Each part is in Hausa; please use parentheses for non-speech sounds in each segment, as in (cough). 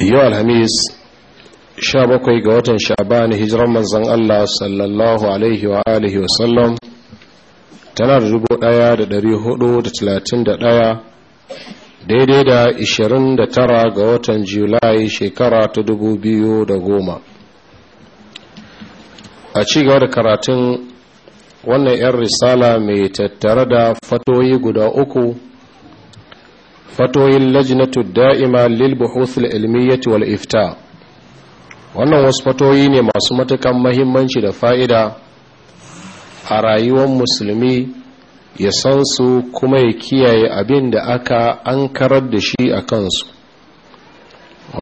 yau alhamis sha bakwai ga watan sha'ban hijiran manzon Allah sallallahu alaihi wa alihi wa sallam tana da 1431 daidai da tara ga watan julai shekara ta da goma. a cigaba da karatun wannan 'yan risala mai tattare da fatoyi guda uku fatoyin lajinatu da'ima lil buhuthul ilmiyyati wal ifta wannan wasu fatoyi ne masu matukan mahimmanci da fa'ida a rayuwar musulmi ya san su kuma ya kiyaye abin da aka an karar da shi a kansu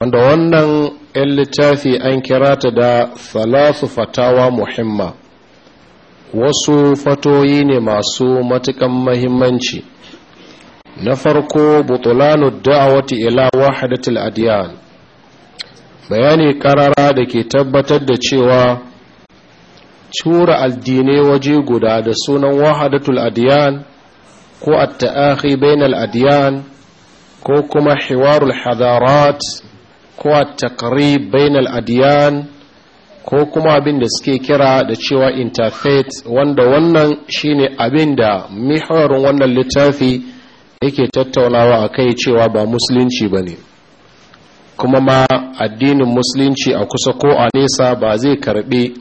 wanda wannan 'yan littafi an kira ta da salasu fatawa muhimma wasu fatoyi ne masu matukan mahimmanci na farko butulanu da'awati ila wahdatil adyan bayani karara da ke tabbatar da cewa tura addinai waje guda da sunan wahdatul adyan ko at-ta'akhi bainal adyan ko kuma hiwarul hadarat ko at-taqrib bainal adyan ko kuma abin da suke kira da cewa interfaith wanda wannan shine abin da mihwarin wannan littafi yake tattaunawa a kai cewa ba musulunci ba ne kuma ma addinin musulunci a kusa ko a nesa ba zai karbi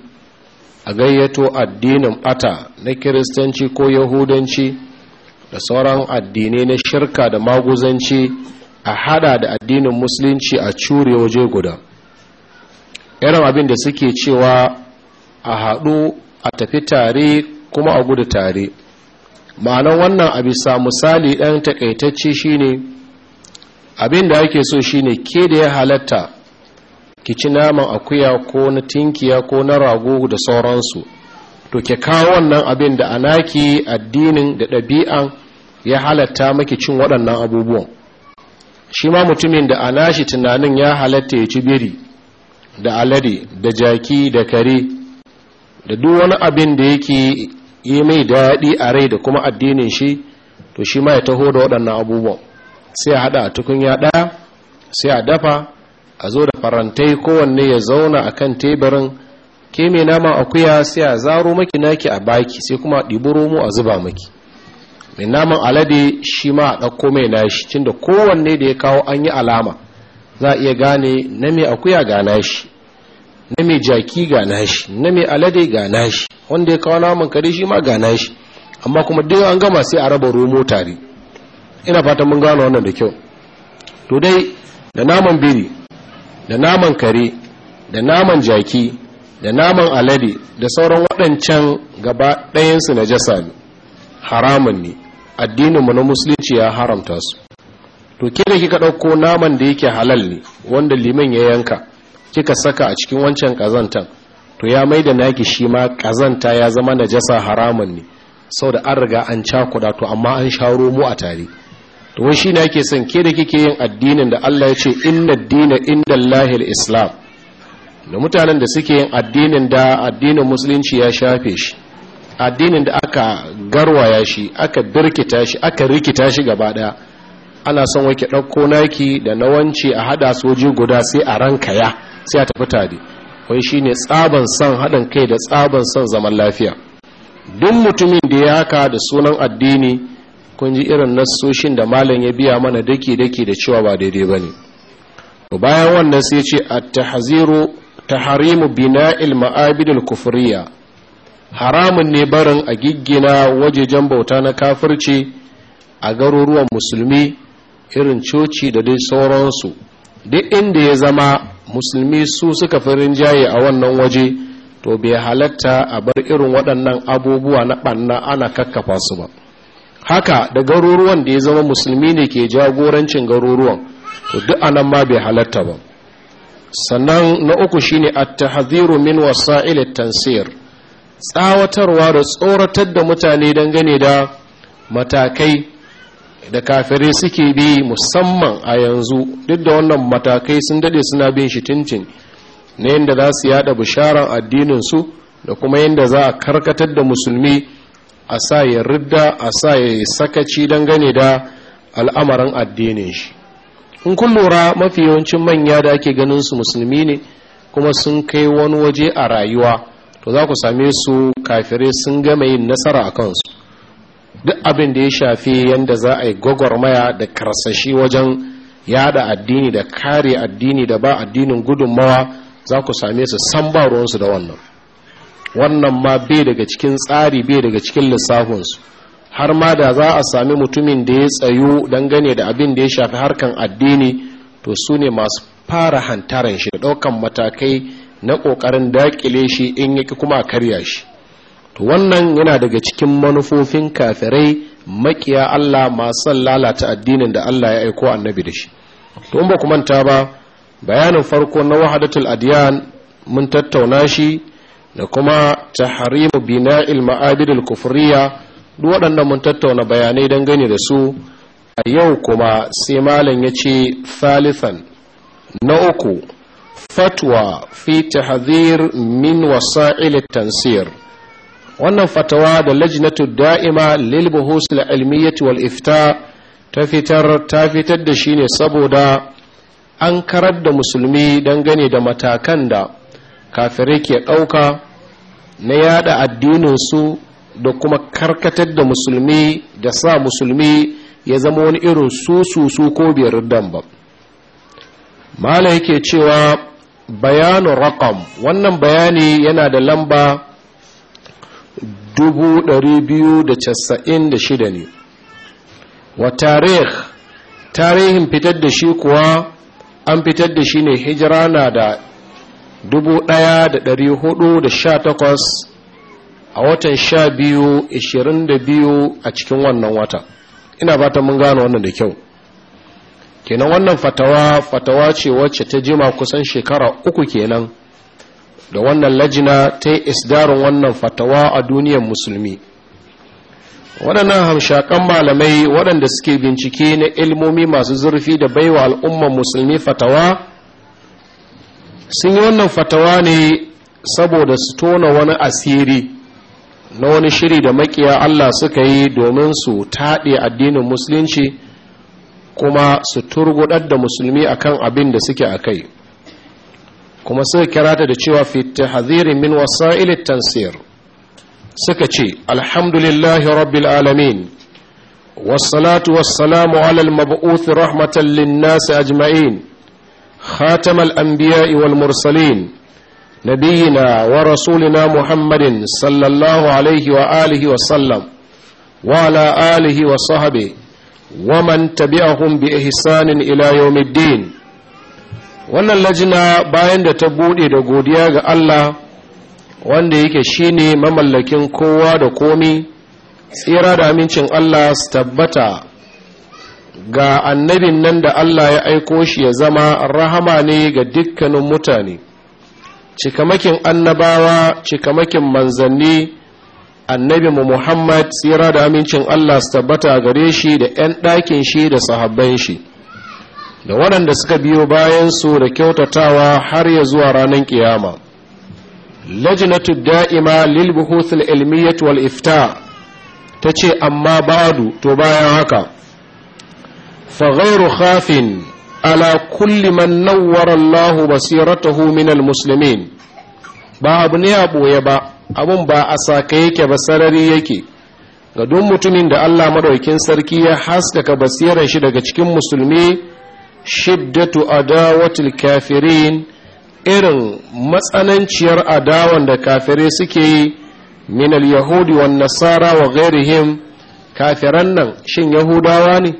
a gayyato addinin bata na kiristanci ko yahudanci da sauran addinai na shirka da maguzanci a hada da addinin musulunci a cure waje guda irin abin da suke cewa a haɗu a tafi tare kuma a gudu tare ma'anan wannan a bisa misali ɗan takaitacce shine abin da ake so shine ke da ya halatta ki ci naman akuya ko na tinkiya ko na rago da sauransu to ki kawo wannan abin da anaki addinin da ɗabi'an ya halatta maki cin waɗannan abubuwan shi ma mutumin da anashi tunanin ya halatta ya ci biri da alade da jaki da kare da duk wani abin da yake yi mai daɗi a rai da kuma addinin shi to shi ma ya taho da waɗannan abubuwa sai a haɗa a tukunya ɗaya sai a dafa a zo da farantai kowanne ya zauna a kan teburin ke mai nama akuya sai a zaro maki naki a baki sai kuma a ɗibi romo a zuba maki mai naman alade shi ma a ɗauko mai nashi tunda kowanne da ya kawo an yi alama za a iya gane na mai akuya ga nashi na mai jaki ga nashi na mai alade ga nashi wanda ya kawo naman kare shi ma ga nashi amma kuma duk an gama sai a raba romo tare ina fatan mun gano wannan da kyau to dai da naman biri da naman kare da naman jaki da naman alade da sauran waɗancan gaba ɗayansu na jasa ne haramun ne addininmu na musulunci ya haramta su to ke da kika ɗauko naman da yake halal ne wanda liman ya yanka kika saka a cikin wancan kazantan to ya mai da naki shi ma kazanta ya zama najasa haramun ne saboda an riga an cakuda to amma an sharo mu a tare to wai shine yake son ke da kike yin addinin da Allah ya ce inna dina inda al-islam da mutanen da suke yin addinin da addinin musulunci ya shafe shi addinin da aka garwaya shi aka birkita shi aka rikita shi gaba daya ana son wake ɗauko naki da na a hada soji guda sai a ranka ya sai a tafi tare wai shine tsaban son haɗin kai da tsaban son zaman lafiya duk mutumin da ya haka da sunan addini kun ji irin nasoshin da malam ya biya mana dake dake da cewa ba daidai bane bayan wannan sai ce at-tahziru tahrimu bina'il ma'abidil kufuriya haramun ne barin a giggina wajejen bauta na kafirci a garuruwan musulmi irin coci da dai sauransu duk inda ya zama musulmi su suka fi rinjaye a wannan waje to bai halatta a bar irin waɗannan abubuwa na ɓanna ana kakkafa su ba haka da garuruwan da ya zama musulmi ne ke jagorancin garuruwan to duk anan ma bai halatta ba sannan na uku shine at-tahdhiru min wasa'il at-tansir tsawatarwa da tsoratar da mutane dangane da matakai da kafirai suke bi musamman a yanzu duk da wannan matakai sun dade suna bin shi tintin na yadda za su yada bisharar addininsu da kuma yadda za a karkatar da musulmi a sa ya ridda a sa ya sakaci dangane da al'amarin addinin shi in kun lura mafi yawancin manya da ake ganin su musulmi ne kuma sun kai wani waje a rayuwa to za ku same su kafirai sun gama yin nasara a kansu duk abin da ya shafi yadda za a yi gwagwarmaya da karsashi wajen yada addini da kare addini da ba addinin gudunmawa za ku same su san ba ruwansu da wannan wannan ma bai daga cikin tsari bai daga cikin lissafinsu har ma da za a sami mutumin da ya tsayu dangane da abin da ya shafi harkan addini to su ne masu fara hantaran shi da ɗaukan matakai na ƙoƙarin daƙile shi in yake kuma a karya shi to wannan yana daga cikin manufofin kafirai makiya Allah masu lalata addinin da Allah ya aiko annabi da shi to in ba ku manta ba bayanin farko na wahadatul adiyan mun tattauna shi da kuma tahrimu bina'il ma'abidil kufriya duk waɗannan mun tattauna bayanai dangane da su a yau kuma sai malam ya ce thalithan na uku fatwa fi tahzir min wasa'il tansir wannan fatawa da lajnatu da'ima lil buhus al ilmiyyah wal ifta ta fitar ta fitar da shi ne saboda an karar da musulmi dangane da matakan da kafirai ke ɗauka na yada addininsu da kuma karkatar da musulmi da sa musulmi ya zama wani irin su su ko biyar dan ba mala yake cewa bayanu raqam wannan bayani yana da lamba 1296 ne wa tarih tarihin fitar da shi kuwa an fitar da shi ne hijira na da 1418 a watan 12 22 a cikin wannan wata ina ba ta mun gano wannan da kyau kenan wannan fatawa fatawa ce wacce ta jima kusan shekara uku kenan da wannan lajina ta yi isdarin wannan fatawa a duniyar musulmi waɗannan hamshakan malamai waɗanda suke bincike na ilmomi masu zurfi da baiwa al'ummar musulmi fatawa sun yi wannan fatawa ne saboda su tona wani asiri na wani shiri da makiya Allah suka yi domin su taɗe addinin musulunci kuma su turgudar da musulmi akan abin da suke a kai kuma suka kira ta da cewa fitta min wasa tansir suka ce alhamdulillahi rabbil alamin wassalatu wassalamu ala al-mab'uth rahmatan lin-nas ajma'in خاتم الأنبياء والمرسلين نبينا ورسولنا محمد صلى الله عليه وآله وسلم وعلى آله وصحبه ومن تبعهم بإحسان إلى يوم الدين wannan lajina bayan da ta bude da godiya ga Allah wanda yake shine mamallakin kowa da komi tsira da amincin Allah su tabbata ga annabin nan da Allah ya aiko shi ya zama rahama ne ga dukkanin mutane cikamakin annabawa cikamakin manzanni mu Muhammad tsira da amincin Allah su tabbata gare shi da 'yan ɗakin shi da sahabban shi da waɗanda suka biyo bayansu da kyautatawa har ya zuwa ranar kiyama lajinatu da'ima lil buhuthul ilmiyyah wal ifta ta ce amma ba'adu to bayan haka fa ghairu khafin ala kulli man nawwara Allah basiratahu min al muslimin ba abu ne a boye ba abun ba a saka yake ba sarari yake ga duk mutumin da Allah madaukin sarki ya haskaka basirar shi daga cikin musulmi shiddatu adawatul kafirin irin matsananciyar adawan da kafirai suke yi min al-yahudi wan nasara wa ghairihim kafiran nan shin yahudawa ne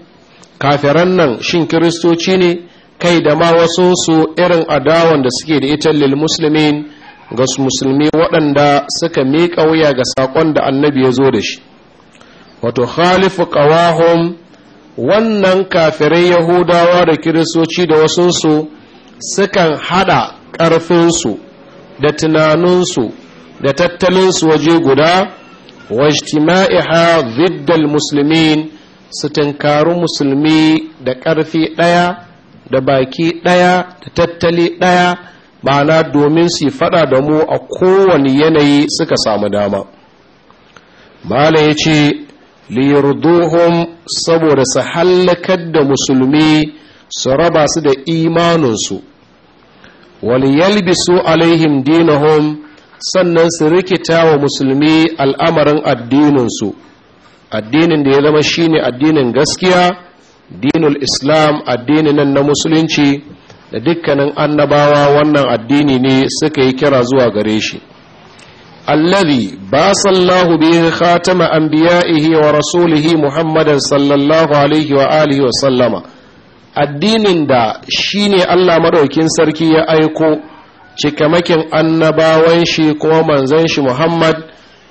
kafiran nan shin kiristoci ne kai da ma wasu su irin adawan da suke da ita lil muslimin ga musulmi waɗanda suka miƙa wuya ga saƙon da annabi ya zo da shi wato khalifu qawahum wannan kafirai yahudawa da kiristoci da wasunsu sukan hada ƙarfinsu da tunaninsu da tattalinsu waje guda wajtima'iha ziddal musulmin su tunkaru musulmi da ƙarfi ɗaya da baki ɗaya da tattali ɗaya ma'ana domin su faɗa da mu a kowane yanayi suka samu dama mala ya ce liyarduhum saboda su hallakar da musulmi su raba su da imaninsu waliyalbisu alaihim dinahum sannan su rikita wa musulmi al'amarin addininsu addinin da ya zama shine addinin gaskiya dinul islam addinin nan na musulunci da dukkanin annabawa wannan addini ne suka yi kira zuwa gare shi الذي باص الله به خاتم أنبيائه ورسوله محمدا صلى الله عليه وآله وسلم addinin da shi ne Allah maɗaukin sarki ya aiko cikamakin annabawan shi kuma manzan shi Muhammad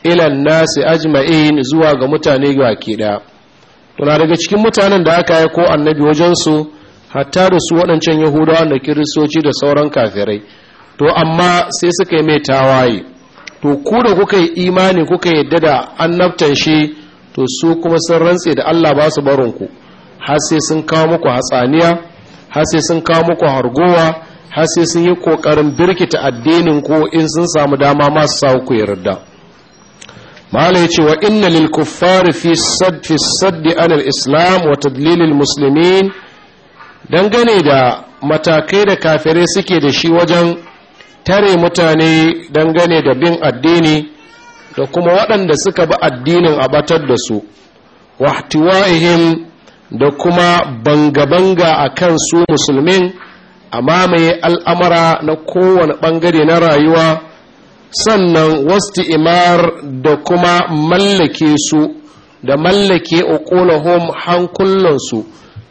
ilan nasi ajma'in zuwa ga mutane baki ɗaya. Tuna daga cikin mutanen da aka aiko annabi wajensu hatta da su waɗancan Yahudawa da Kiristoci da sauran kafirai. To amma sai suka yi mai tawaye to ku da kuka yi imani kuka yadda da annabtan shi to su kuma sun rantse da Allah ba su barin ku har sai sun kawo muku hatsaniya har sai sun kawo muku hargowa har sai sun yi kokarin birkita addinin ku in sun samu dama masu sawo ku yarda mala yace wa inna lil kuffari fi sadd fi sadd an islam wa tadlil al muslimin dangane da matakai da kafirai suke da shi wajen tare mutane dangane da bin addini da kuma waɗanda suka bi addinin a batar da su wahtiwa'ihim da kuma banga-banga a kan su musulmin a mamaye al'amara na kowane ɓangare na rayuwa sannan wasti imar da kuma mallake su da mallake okolahom hankulansu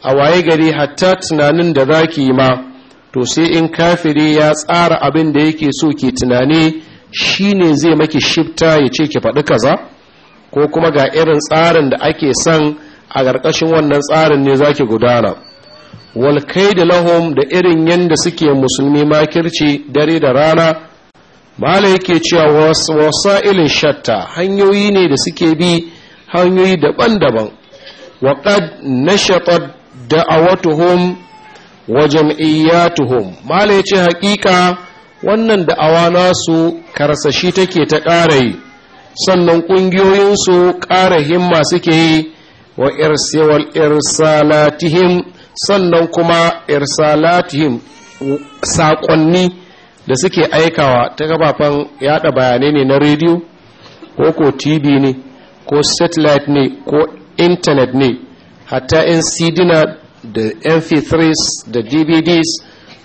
a waye gari hatta tunanin da za ki yi ma to sai in kafiri ya tsara abin da yake so ke tunani ne zai maki shifta ya ce ki faɗi kaza ko kuma ga irin tsarin da ake son a ƙarƙashin wannan tsarin ne zaki gudana walkai da lahum da irin yadda suke musulmi makirci dare da rana mala yake cewa wasa ilin shatta hanyoyi ne da suke bi hanyoyi daban-daban waƙad na shatar hom. wa jam'iyyatuhum mala yace haƙiƙa wannan da'awa nasu karsashi take ta ƙara yi sannan ƙungiyoyinsu ƙara himma suke yi wa irsalatihim sannan kuma irsalatihim saƙonni da suke aikawa ta gabafan yada bayanai ne na rediyo ko ko tv ne ko satellite ne ko intanet ne hatta in sidina da mp3s da dvds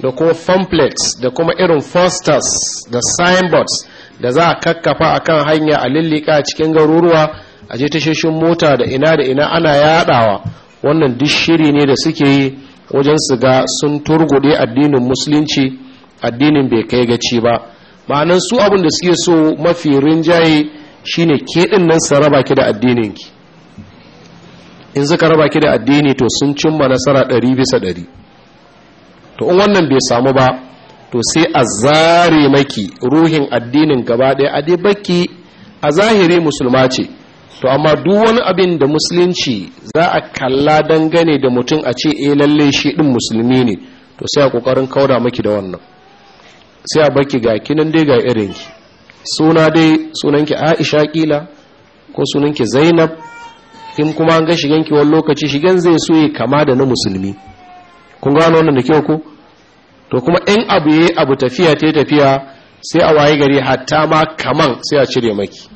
da kuma pamphlets da kuma irin fosters da signboards da za a kakkafa a kan hanya a lillika cikin garuruwa a je tashoshin mota da ina da ina ana yadawa wannan duk shiri ne da suke yi wajen su ga sun turgude addinin musulunci addinin bai kai gaci ba ma'anan su abin da suke so mafi rinjaye shine ke nan su raba ki da addininki in suka raba ki da addini to sun cimma nasara ɗari bisa ɗari to in wannan bai samu ba to sai a zare maki ruhin addinin gaba ɗaya a dai baki a zahiri musulma ce to amma duk wani abin da musulunci za a kalla dangane da mutum a ce eh lalle shi ɗin musulmi ne to sai a ƙoƙarin kauda maki da wannan sai a baki ga kinan dai ga irinki suna dai sunanki aisha kila ko sunanki zainab in kuma an ga shigan ki wani lokaci shigan zai so ya kama da na musulmi kun gano wannan da kyau ko to kuma in abu yayi abu tafiya ta tafiya sai a waye gari hatta ma kaman sai a cire maki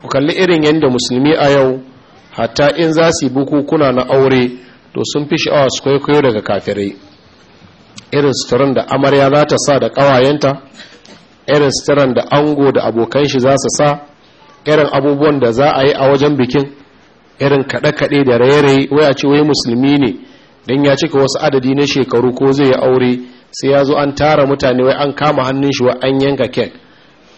ku kalli irin yadda musulmi a yau hatta in za su yi bukukuna na aure to sun fi sha'awa su kwaikwayo daga kafirai irin suturan da amarya za ta sa da kawayenta irin suturan da ango da abokan shi za su sa irin abubuwan da za a yi a wajen bikin irin kaɗe-kaɗe da raye-raye waya ce wai musulmi ne don ya cika wasu adadi na shekaru ko zai yi aure sai ya zo an tara mutane wai an kama hannun shi wa an yanka kek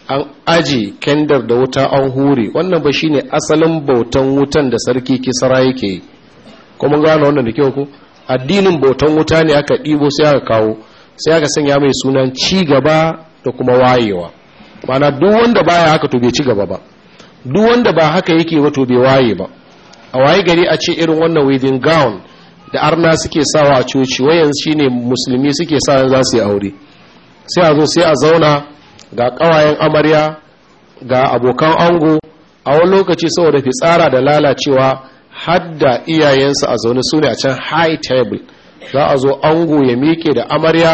an aji kendar da wuta an hure wannan ba shine asalin bautan wutan da sarki kisara yake yi kuma gano wannan da kyau ku addinin bautan wuta ne aka ɗibo sai aka kawo sai aka sanya mai sunan ci gaba da kuma wayewa mana duk wanda baya haka to bai ci gaba ba duk wanda ba haka yake ba to bai waye ba a waye gari a ce irin wannan wedding gown da arna suke sawa a coci wayan shine musulmi suke sa za su yi aure sai a zo sai a zauna ga kawayen amarya ga abokan ango a wani lokaci saboda fitsara da lalacewa hadda iyayensu a zaune su ne a can high table za a zo ango ya mike da amarya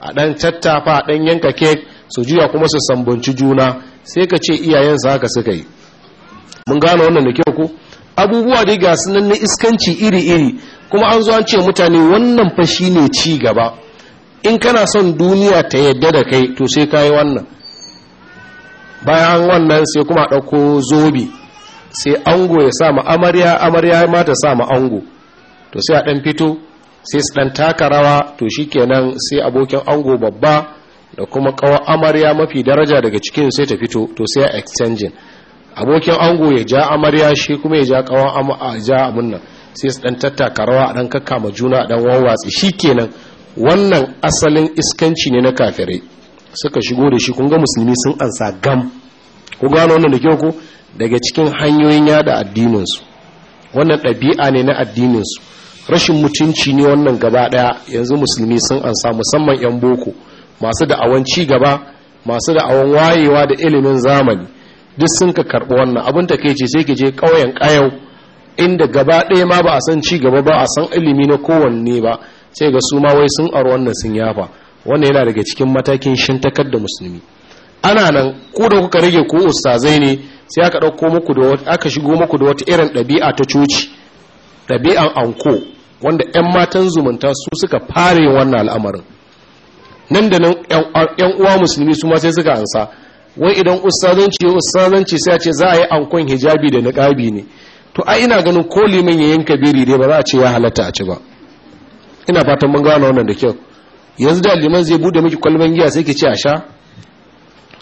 a ɗan tattafa a ɗan yanka kek su juya kuma su sambunci juna sai ka ce iyayensu haka suka yi mun gane wannan da kyau ku abubuwa dai ga sunan na iskanci iri-iri kuma an zo an ce mutane wannan fa ne ci gaba in kana son duniya ta yadda da kai to sai kayi wannan bayan wannan sai kuma ɗauko zobe sai ango ya sa amarya amarya ma ta sa ango to sai a ɗan fito sai su ɗan taka rawa to shikenan sai abokin ango babba da kuma ƙawar amarya mafi daraja daga cikin sai ta fito to sai a exchanging abokin ango ya ja amarya shi kuma ya ja kawan a ja abin nan sai su dan tattaka rawa a dan ma juna a wawatsi shi kenan wannan asalin iskanci ne na kafirai suka shigo da shi kun ga musulmi sun ansa gam ku gano wannan da kyau ko daga cikin hanyoyin yada addininsu wannan ɗabi'a ne na addininsu rashin mutunci ne wannan gaba ɗaya yanzu musulmi sun ansa musamman 'yan boko masu da'awan ci gaba masu da'awan wayewa da ilimin zamani duk sun ka karɓi wannan abin ta kai ce sai ki je ƙauyen ƙayau inda gaba ɗaya ma ba a san ci gaba ba a san ilimi na kowanne ba sai ga su ma wai sun aro wannan sun yafa wannan yana daga cikin matakin shintakar da musulmi ana nan ko da kuka rage ko ustazai ne sai aka ɗauko muku da aka shigo muku da wata irin ɗabi'a ta coci ɗabi'an anko wanda 'yan matan zumunta su suka fare wannan al'amarin nan da nan 'yan uwa musulmi su ma sai suka ansa wai idan ustazanci ustazanci sai a ce za a yi ankon hijabi da niqabi ne to ai ina ganin ko liman ya yanka biri dai ba za a ce ya halatta a ci ba ina fatan mun gano wannan da kyau yanzu da liman zai bude miki kwalban giya sai ki ce a sha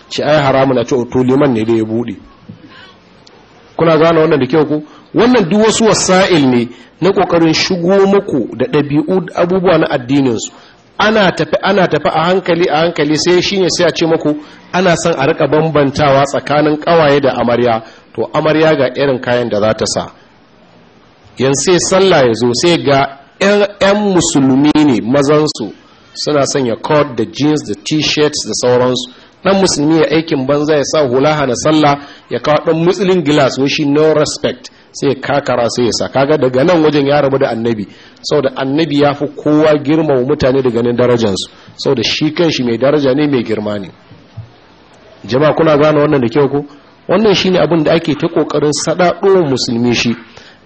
ci ai haramu na ce oh, to liman ne da ya bude kuna gano wannan da kyau ko wannan duk wasu wasa'il ne na kokarin shigo muku da ɗabi'u abubuwa na addinin su ana tafi ana tafi a hankali a hankali sai shine sai a ce muku ana son a rika bambantawa tsakanin kawaye da amarya to amarya ga irin kayan da za ta sa yan sai sallah ya zo sai ga yan musulmi ne mazansu suna sanya coat da jeans da t-shirts da sauransu dan musulmi ya aikin banza ya sa hula hana sallah ya kawo dan musulin gilas shi no respect sai ya kakara sai ya sa kaga daga nan wajen ya rabu da annabi saboda annabi ya fi kowa girma mutane da ganin darajansu saboda shi kanshi mai daraja ne mai girma ne jama'a kuna gane wannan da kyau ko wannan shine abin da ake ta kokarin sadado musulmi shi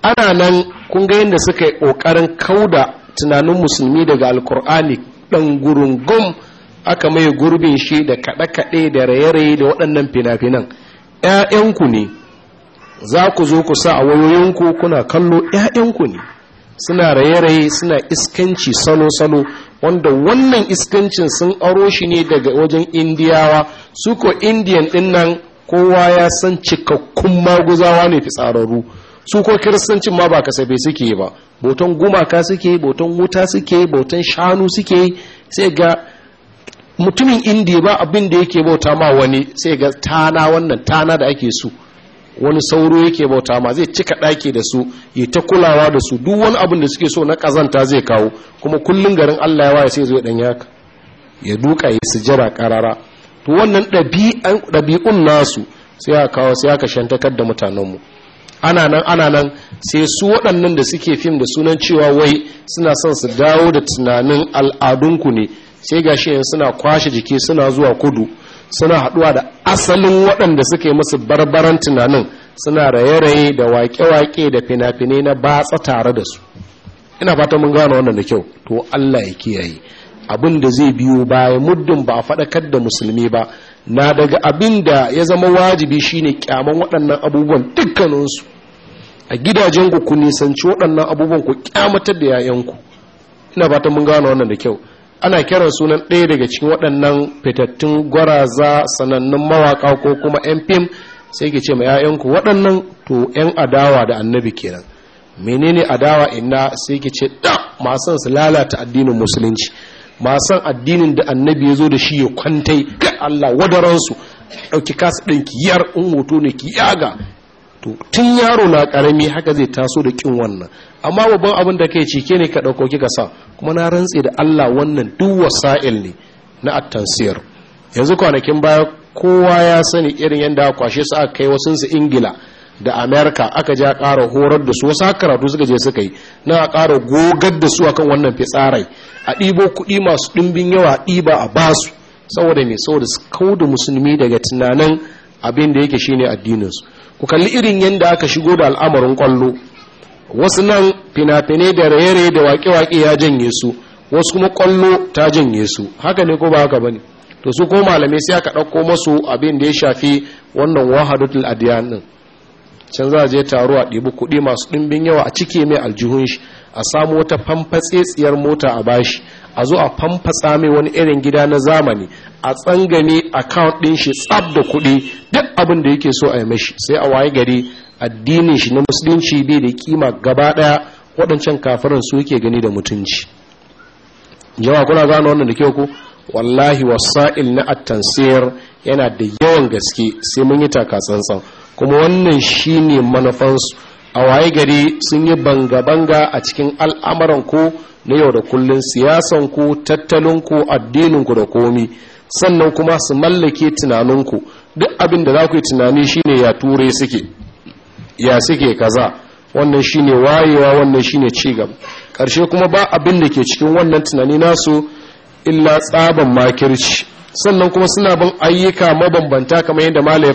ana nan kun ga yadda suka yi kokarin kauda tunanin musulmi daga alkur'ani dan gurungum aka mai gurbin shi da kaɗe-kaɗe da raye-raye da waɗannan fina-finan ‘ya'yanku ne za ku zo ku sa a wayoyinku kuna kallo ‘ya'yanku ne suna raye-raye suna iskanci salo-salo wanda wannan iskancin sun aro shi ne daga wajen indiyawa su ko indiyan ɗin nan kowa ya san cikakkun maguzawa ne fitsararru su ko kiristancin ma ba kasafe suke ba boton gumaka suke boton wuta suke boton shanu suke sai ga mutumin indiya ba abinda da yake bauta ma wani sai ga tana wannan tana da ake su wani sauro yake bauta ma zai cika ɗaki da su yi ta kulawa da su duk wani abin da suke so na ƙazanta zai kawo kuma kullum garin allah ya waye sai zai ɗan yaka ya duka ya sujjara ƙarara to wannan ɗabi'un nasu sai aka kawo sai aka shantakar da mutanenmu ana nan ana nan sai su waɗannan da suke fim da sunan cewa wai suna son su dawo da tunanin al'adunku ne sai ga shi suna kwashe jiki suna zuwa kudu suna haɗuwa da asalin waɗanda suke musu barbaran tunanin suna raye-raye da waƙe-waƙe da fina-finai na batsa tare da su ina fata mun gano wannan da kyau to Allah ya kiyaye abin da zai biyo baya muddin ba a faɗakar da musulmi ba na daga abin da ya zama wajibi shine kyaman waɗannan abubuwan dukkaninsu a gidajen ku ku nisanci waɗannan abubuwan ku kyamatar da yayanku ina fata mun gano wannan da kyau ana kiran sunan ɗaya daga cikin waɗannan fitattun gwaraza sanannun mawaka ko kuma yan fim sai ke ce ma 'ya'yanku waɗannan to 'yan adawa da annabi kenan menene adawa inna sai ke ce da masan su lalata addinin musulunci masan addinin da annabi ya zo da shi ya kwantai ga Allah wadaransu ɗauki kasu ɗin yar in hoto ne ki yaga to tun yaro na karami haka zai taso da kin wannan amma babban abin da kai cike ne ka dauko kika sa kuma na rantse da Allah wannan duk wasa'il ne na at yanzu kwanakin baya kowa ya sani irin yanda kwashe su aka kai wasu Ingila da America aka ja ƙara horar da su wasu karatu suka je suka yi na ƙara gogar da su akan wannan fitsarai a ɗibo kuɗi masu ɗimbin yawa ɗiba a basu saboda mai saboda su da musulmi daga tunanin abin da yake shine addininsu ku kalli irin yadda aka shigo da al'amarin kwallo wasu nan fina-finai da raye-raye da waƙe-waƙe ya janye su wasu kuma kwallo ta janye su haka ne ko ba haka bane to su ko malamai sai aka ɗauko masu abin da ya shafi wannan wahadatul adiyan din can za a je taro a ɗibi kuɗi masu ɗimbin yawa a cike mai aljihun shi a samu wata fanfatsetsiyar mota a bashi a zo a famfatsa mai wani irin gida na zamani a tsangane account ɗin shi tsab da kuɗi duk abin da yake so a yi mashi sai a waye gari addinin shi na musulunci bai da kima gaba ɗaya waɗancan kafirin su yake gani da mutunci jama'a kuna gano wannan da kyau ko wallahi wasa'il na attansiyar yana da yawan gaske sai mun yi taka tsantsan kuma wannan shine manufansu a waye gari sun yi banga-banga a cikin al'amuran ko na yau da kullun siyasanku tattalinku addininku da komi sannan kuma su mallake tunaninku duk abin da za ku yi tunani shine ya ture suke ya suke kaza wannan shine wayewa wannan shine cigaba ƙarshe kuma ba abin da ke cikin wannan tunani nasu illa tsaban makirci sannan kuma suna bin ayyuka mabambanta kamar yadda mala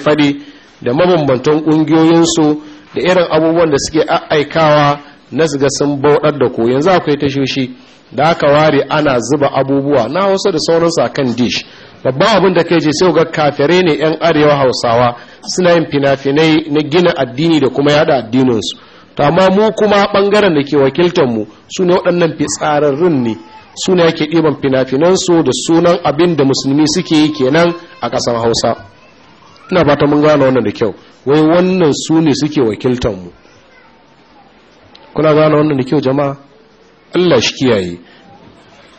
da mabambantan ƙungiyoyinsu da irin abubuwan da suke aikawa na su sun bauɗar da ku yanzu akwai tashoshi da aka ware ana zuba abubuwa na wasu da sauransu a kan dish babban abin da kai je sai ga kafirai ne yan arewa hausawa suna yin fina-finai na gina addini da kuma yada addininsu to amma mu kuma bangaren da ke wakiltar mu su ne waɗannan fitsararrun ne su ne ke ɗiban fina-finansu da sunan abin da musulmi suke yi kenan a ƙasar hausa ina fata mun gane wannan da kyau wai wannan su ne suke wakiltar mu kuna gane wannan da kyau jama'a Allah shi kiyaye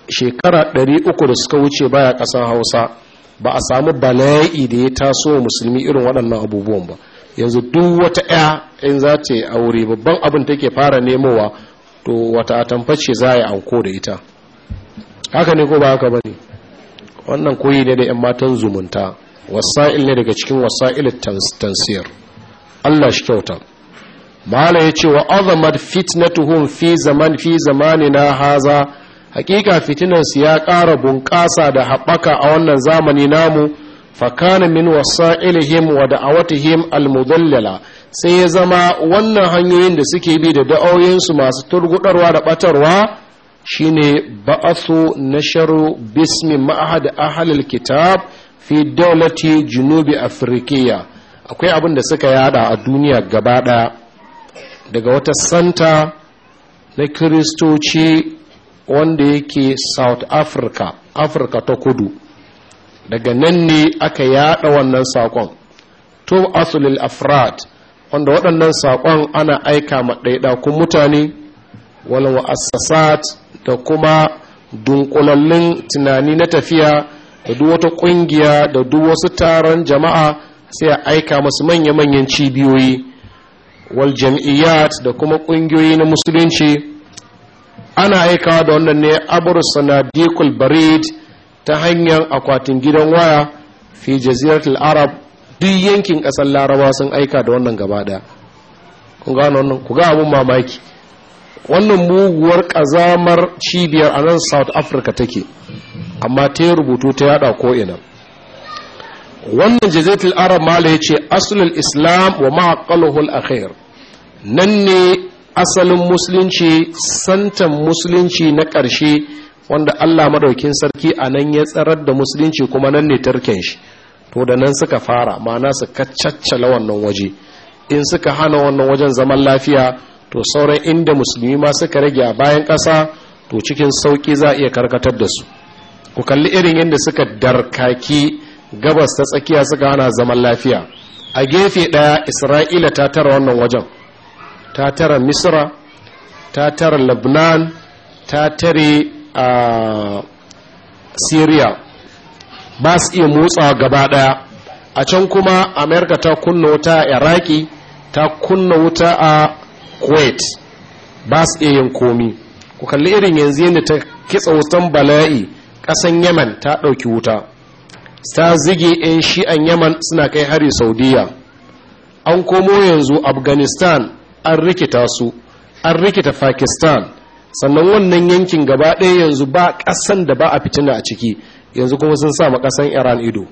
shekara 300 da suka wuce baya kasar Hausa ba a samu bala'i da ya taso musulmi irin waɗannan abubuwan ba yanzu duk wata ɗaya in za ta yi aure babban abin take fara nemowa to wata atamfa za a yi anko da ita haka ne ko ba haka ba ne wannan koyi ne da 'yan matan zumunta wasa'il ne daga cikin wasa'il tansiyar allah shi kyauta mala ya ce wa azamar fitnatuhum fi zaman fi na haza hakika fitinansu ya ƙara bunƙasa da haɓaka a wannan zamani namu fakana min ilihim wa da'awatihim almudallala sai ya zama wannan hanyoyin da suke bi da da'awoyinsu masu turgudarwa da batarwa shine sharu nasharu bismi ma'ahad ahalil kitab fi dawlati junubi afirkiya akwai abin da suka yada a duniya gaba daya daga wata santa na kiristoci wanda yake south africa Africa ta kudu daga nan ne aka yada wannan saƙon to asulil afrat wanda waɗannan saƙon ana aika ma ɗaiɗakun mutane wa assasat, da kuma dunkulallin tunani na tafiya da duk wata ƙungiya da duk wasu taron jama'a sai a aika masu manya-manyan cibiyoyi wal jam'iyyat da kuma ƙungiyoyi na musulunci ana aikawa da wannan ne abur sanadiqul barid ta hanyar akwatin gidan waya fi jaziratul arab duk yankin ƙasar laraba sun aika da wannan gaba ɗaya ku ga abun mamaki wannan muguwar ƙazamar cibiyar a nan south africa take amma ta yi rubutu ta yada ko'ina wannan jaziratul arab mala ya ce asulul islam wa ma'aƙaluhul akhair nan ne asalin musulunci santan musulunci na ƙarshe wanda allah madaukin sarki a nan ya tsarar da musulunci kuma nan ne tarken shi to da nan suka fara ma'ana su kaccacala wannan waje in suka hana wannan wajen zaman lafiya to sauran inda musulmi ma suka rage a bayan ƙasa to cikin sauƙi za a iya karkatar da su ku kalli irin yadda suka darkaki gabas ta tsakiya suka hana zaman lafiya a gefe ɗaya isra'ila ta tara wannan wajen ta tara misra ta tara lebanon ta tare a syria ba su iya motsawa gaba daya a can kuma amerika ta kunna wuta a iraki ta kunna wuta a kuwait ba su iya yin komi ku kalli irin yanzu yadda ta kitsa wutan bala'i kasan yaman ta ɗauki wuta ta zige 'yan shi'an yaman suna kai hari saudiya an komo yanzu afghanistan an rikita su an rikita pakistan sannan wannan yankin gaba ɗaya yanzu ba ƙasan da ba a fitina a ciki yanzu kuma sun sa ƙasan iran ido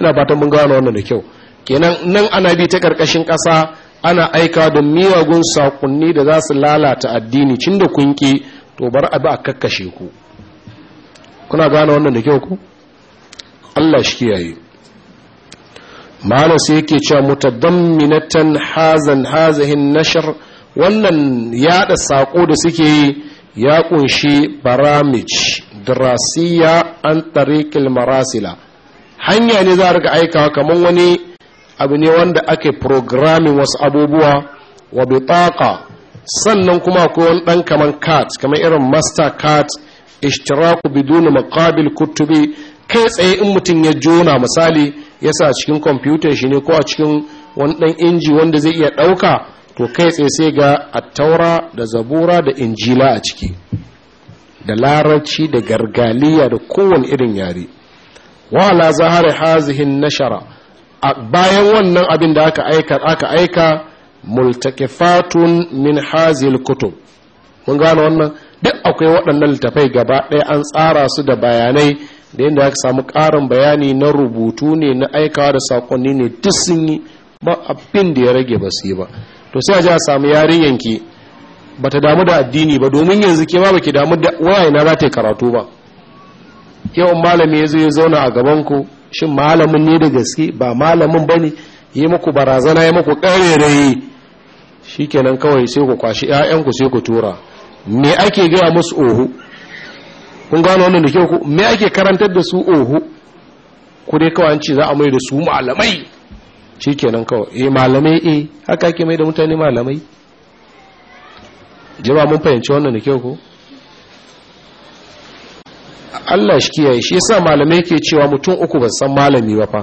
ina fatan mun gano wannan da kyau kenan nan ana bi ta ƙarƙashin ƙasa ana aika da miyagun saƙonni da za su lalata addini cin da kunki to bar abi a kakkashe ku kuna gano wannan da kyau ku Allah shi kiyaye ma'ana sai yake cewa mutadamminatan hazan hazahin nashar wannan yada sako da suke yi ya kunshi baramij dirasiya an tariqil marasila hanya ne za a rika aikawa kamar wani abu ne wanda ake programming wasu abubuwa wa bitaqa sannan kuma akwai wani dan kaman card kamar irin master card ishtiraku bidun maqabil kutubi kai tsaye in mutum ya jona misali ya sa cikin kwamfutan shi ne ko a cikin wani ɗan inji wanda zai iya ɗauka to kai tsaye sai ga attaura da zabura da injila a ciki da larabci da gargaliya da kowane irin yare wala zahara hazihin nashara a bayan wannan abin da aka aika aka aika multaqifatun min hazil kutub mun gane wannan duk akwai waɗannan littafai gaba ɗaya an tsara su da bayanai da yadda aka samu ƙarin bayani na rubutu ne na aikawa da sakonni ne duk sun yi ba abin da ya rage ba su yi ba to sai a ji a samu yarinyanki ba ta damu da addini ba domin yanzu ke ma ba ki damu da waya na za ta yi karatu ba yawan malami ya zai zauna a gabanku shin malamin ne da gaske ba malamin ba ne yi muku barazana ya muku yi shi kenan kawai sai ku kwashi 'ya'yanku sai ku tura me ake gaya musu ohu kun gano wannan da kyau ku me ake karantar da su oho ku dai kawai an ce za a mai da su malamai shikenan kawai eh malamai eh haka ake mai da mutane malamai jira mun fahimci wannan da kyau ko Allah shi kiyaye shi yasa malamai ke cewa mutum uku ba san malami ba fa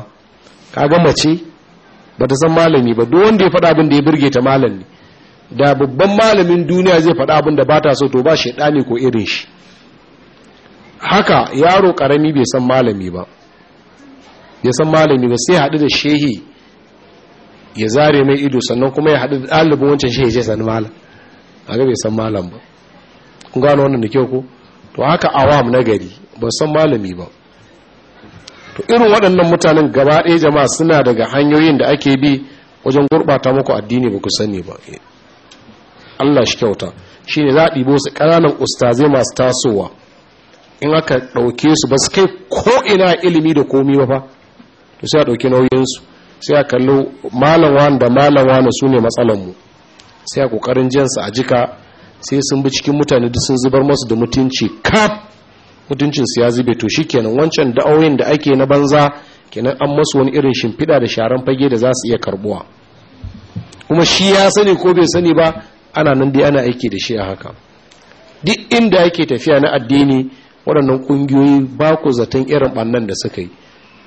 kaga mace ba ta san malami ba duk wanda ya faɗa abin da ya burge ta malami da babban malamin duniya zai faɗa abin da ba ta so to ba shaidani ko irin shi haka yaro karami bai san malami ba ya san malami ba sai haɗu da shehi ya zare mai ido sannan kuma ya haɗu da ɗalibin wancan shehi ya sani malam a ga bai san malam ba kun gano wannan da kyau ko to haka awam na gari ba san malami ba to irin waɗannan mutanen gaba ɗaya jama'a suna daga hanyoyin da ake bi wajen gurɓata muku addini ba ku sani ba Allah shi kyauta shine za a ɗibo su ƙananan ustazai masu tasowa in aka ɗauke su ba su kai ko'ina ilimi da komi ba fa to sai a ɗauki nauyinsu sai a kallo wani da malam na su ne matsalanmu sai a ƙoƙarin su a jika sai sun bi cikin mutane duk sun zubar masu da mutunci kaf mutuncinsu ya zube to kenan wancan da'auyin da ake na banza kenan an masu wani irin shimfiɗa da sharan fage da za su iya karbuwa kuma shi ya sani ko bai sani ba ana nan dai ana aiki da shi a haka duk inda yake tafiya na addini waɗannan ƙungiyoyi ba ku zaton irin ɓannan da suka yi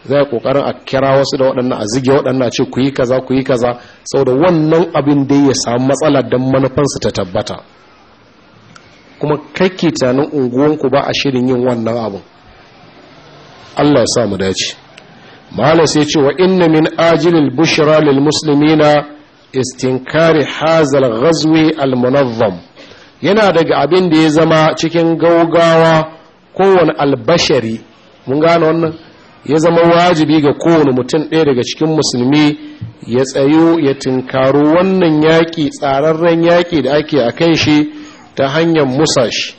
za a ƙoƙarin a kira wasu da waɗannan a zige waɗannan ce ku yi kaza ku yi kaza saboda wannan abin da ya samu matsala don manufansu ta tabbata kuma kake tunanin unguwanku ba a shirin yin wannan abin Allah ya sa mu dace malam sai ce wa inna min ajilil bushra lil muslimina istinkari hazal ghazwi al munazzam yana daga abin da ya zama cikin gaugawa kowane albashari mun gane wannan ya zama wajibi ga kowane mutum ɗaya daga cikin musulmi ya tsayo ya tinkaro wannan yaƙi tsararren yaƙi da ake a kan shi ta hanyar musashi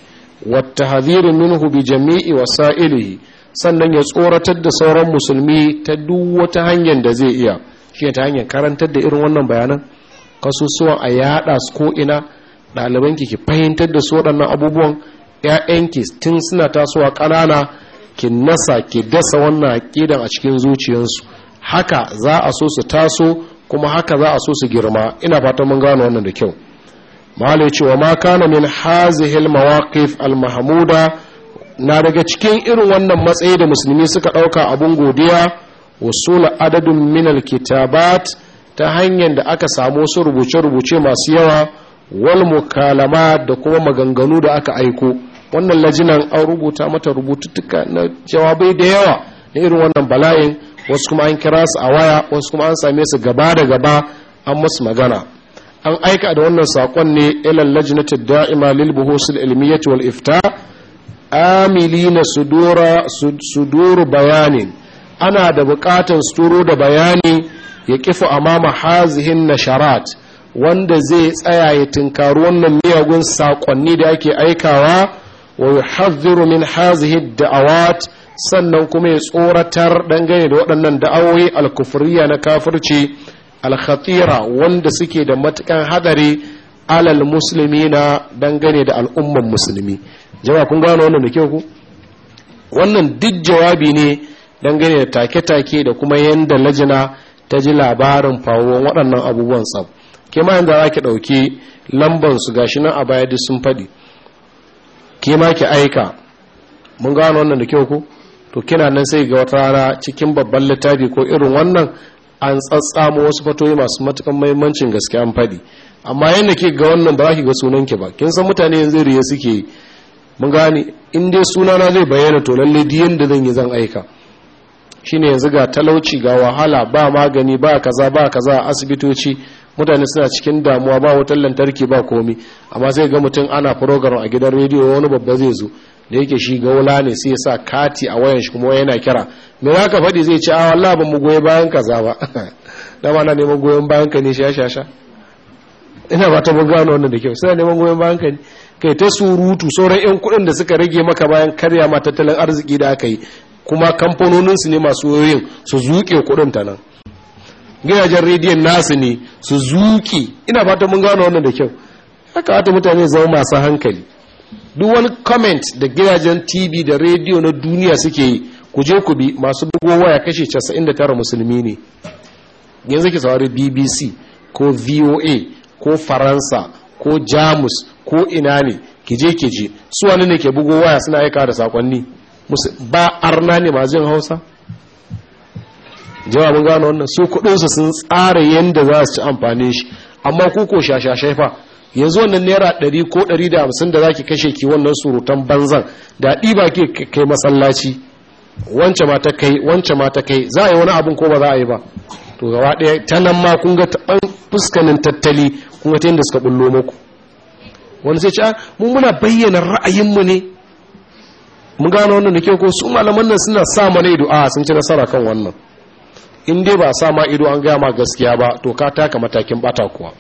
wata hadirin minhu bi jami'i wasa'ilihi sannan ya tsoratar da sauran musulmi ta duk wata hanyar da zai iya shi ta hanyar karantar da irin wannan bayanan kasusuwan a yaɗa su ko'ina ɗalibanki ki fahimtar da su waɗannan abubuwan 'ya'yanki tun suna tasowa ƙanana ki nasa ki dasa wannan aƙidan a cikin zuciyarsu haka za a so su taso kuma haka za a so su girma ina fatan mun gano wannan da kyau malai cewa ma kana min hazihil mawaqif al mahmuda na daga cikin irin wannan matsayi da musulmi suka ɗauka abun godiya wasula adadin minal kitabat ta hanyar da aka samu su rubuce-rubuce masu yawa wal mukalama da kuma maganganu da aka aiko wannan lajinan an rubuta mata rubututtuka na jawabai da yawa na irin wannan bala'in wasu kuma an kira su a waya wasu kuma an same su gaba da gaba an musu magana an aika da wannan saƙon ne ilal lajnati da'ima lil buhusul ilmiyyati wal ifta amilina sudura suduru bayanin ana da buƙatar suturo da bayani ya kifu amama hazihin nasharat wanda zai tsaya ya tinkari wannan miyagun sakonni da ake aikawa wa yuhadhdhiru da hazihi sannan kuma ya tsoratar dangane da waɗannan da'awoyi al na kafirci al wanda suke da matukan hadari alal muslimina dangane da al'umman musulmi jama'a kun gano wannan da kyau ku wannan duk jawabi ne dangane da take-take da kuma yanda lajina ta ji labarin faruwan waɗannan abubuwan tsab ke ma yanzu za ki ɗauki lambansu gashi nan a baya duk sun faɗi ke ma ki aika mun gano wannan da kyau ku to kina nan sai ga wata rana cikin babban littafi ko irin wannan an tsatsamo wasu fatoyi masu matukan mahimmancin gaske an faɗi amma yadda ke ga wannan ba za ki ga sunan ki ba kin san mutane yanzu riye suke mun gane in dai suna na zai bayyana to lalle di da zan yi zan aika shine yanzu ga talauci ga wahala ba magani ba kaza ba kaza asibitoci mutane suna cikin damuwa ba wutar lantarki ba komi amma zai ga mutum ana program a gidan rediyo wani babba zai zo da yake shi gaula ne sai ya sa kati a wayan shi kuma yana kira me za ka faɗi zai ce a wallah ban mu goyi bayan kaza ba da (laughs) dama na neman goyon bayan ka ne sha sha sha ina ba ta gano wannan da kyau suna neman goyon bayan ka ne kai ta surutu sauran yan kuɗin da suka rage maka bayan karya ma tattalin arziki da aka yi kuma kamfanoninsu ne masu yoyin su zuƙe kuɗin ta nan gidajen rediyon nasu ne su zuki ina fata mun gano wannan da kyau haka wata mutane zama masu hankali duk wani comment da gidajen tv da rediyo na duniya suke yi ku je ku bi masu bugo waya kashe 99 musulmi ne yanzu ke saurari bbc ko voa ko faransa ko jamus ko ina ne ki je ki je su wani ne ke bugo waya suna aika da sakonni ba arna ne mazin hausa jawabin mun gano wannan su kudinsu sun tsara yadda za su ci amfani shi amma kuko ko shashashai yanzu wannan naira ɗari ko ɗari da hamsin da za ki kashe ki wannan surutan banzan da ɗiba ke kai masallaci wance ma ta kai za a yi wani abin ko ba za a yi ba to gaba ɗaya ta nan ma kun ga taɓan fuskanin tattali kun ga ta yadda suka bullo maku wani sai ce ah, mun muna bayyana ra'ayinmu ne mun gano wannan da kyau ko su malaman nan suna sa mana ido ah, sun ci nasara kan wannan in dai ba sa ma ido an gaya ma gaskiya ba to ka taka matakin bata kuwa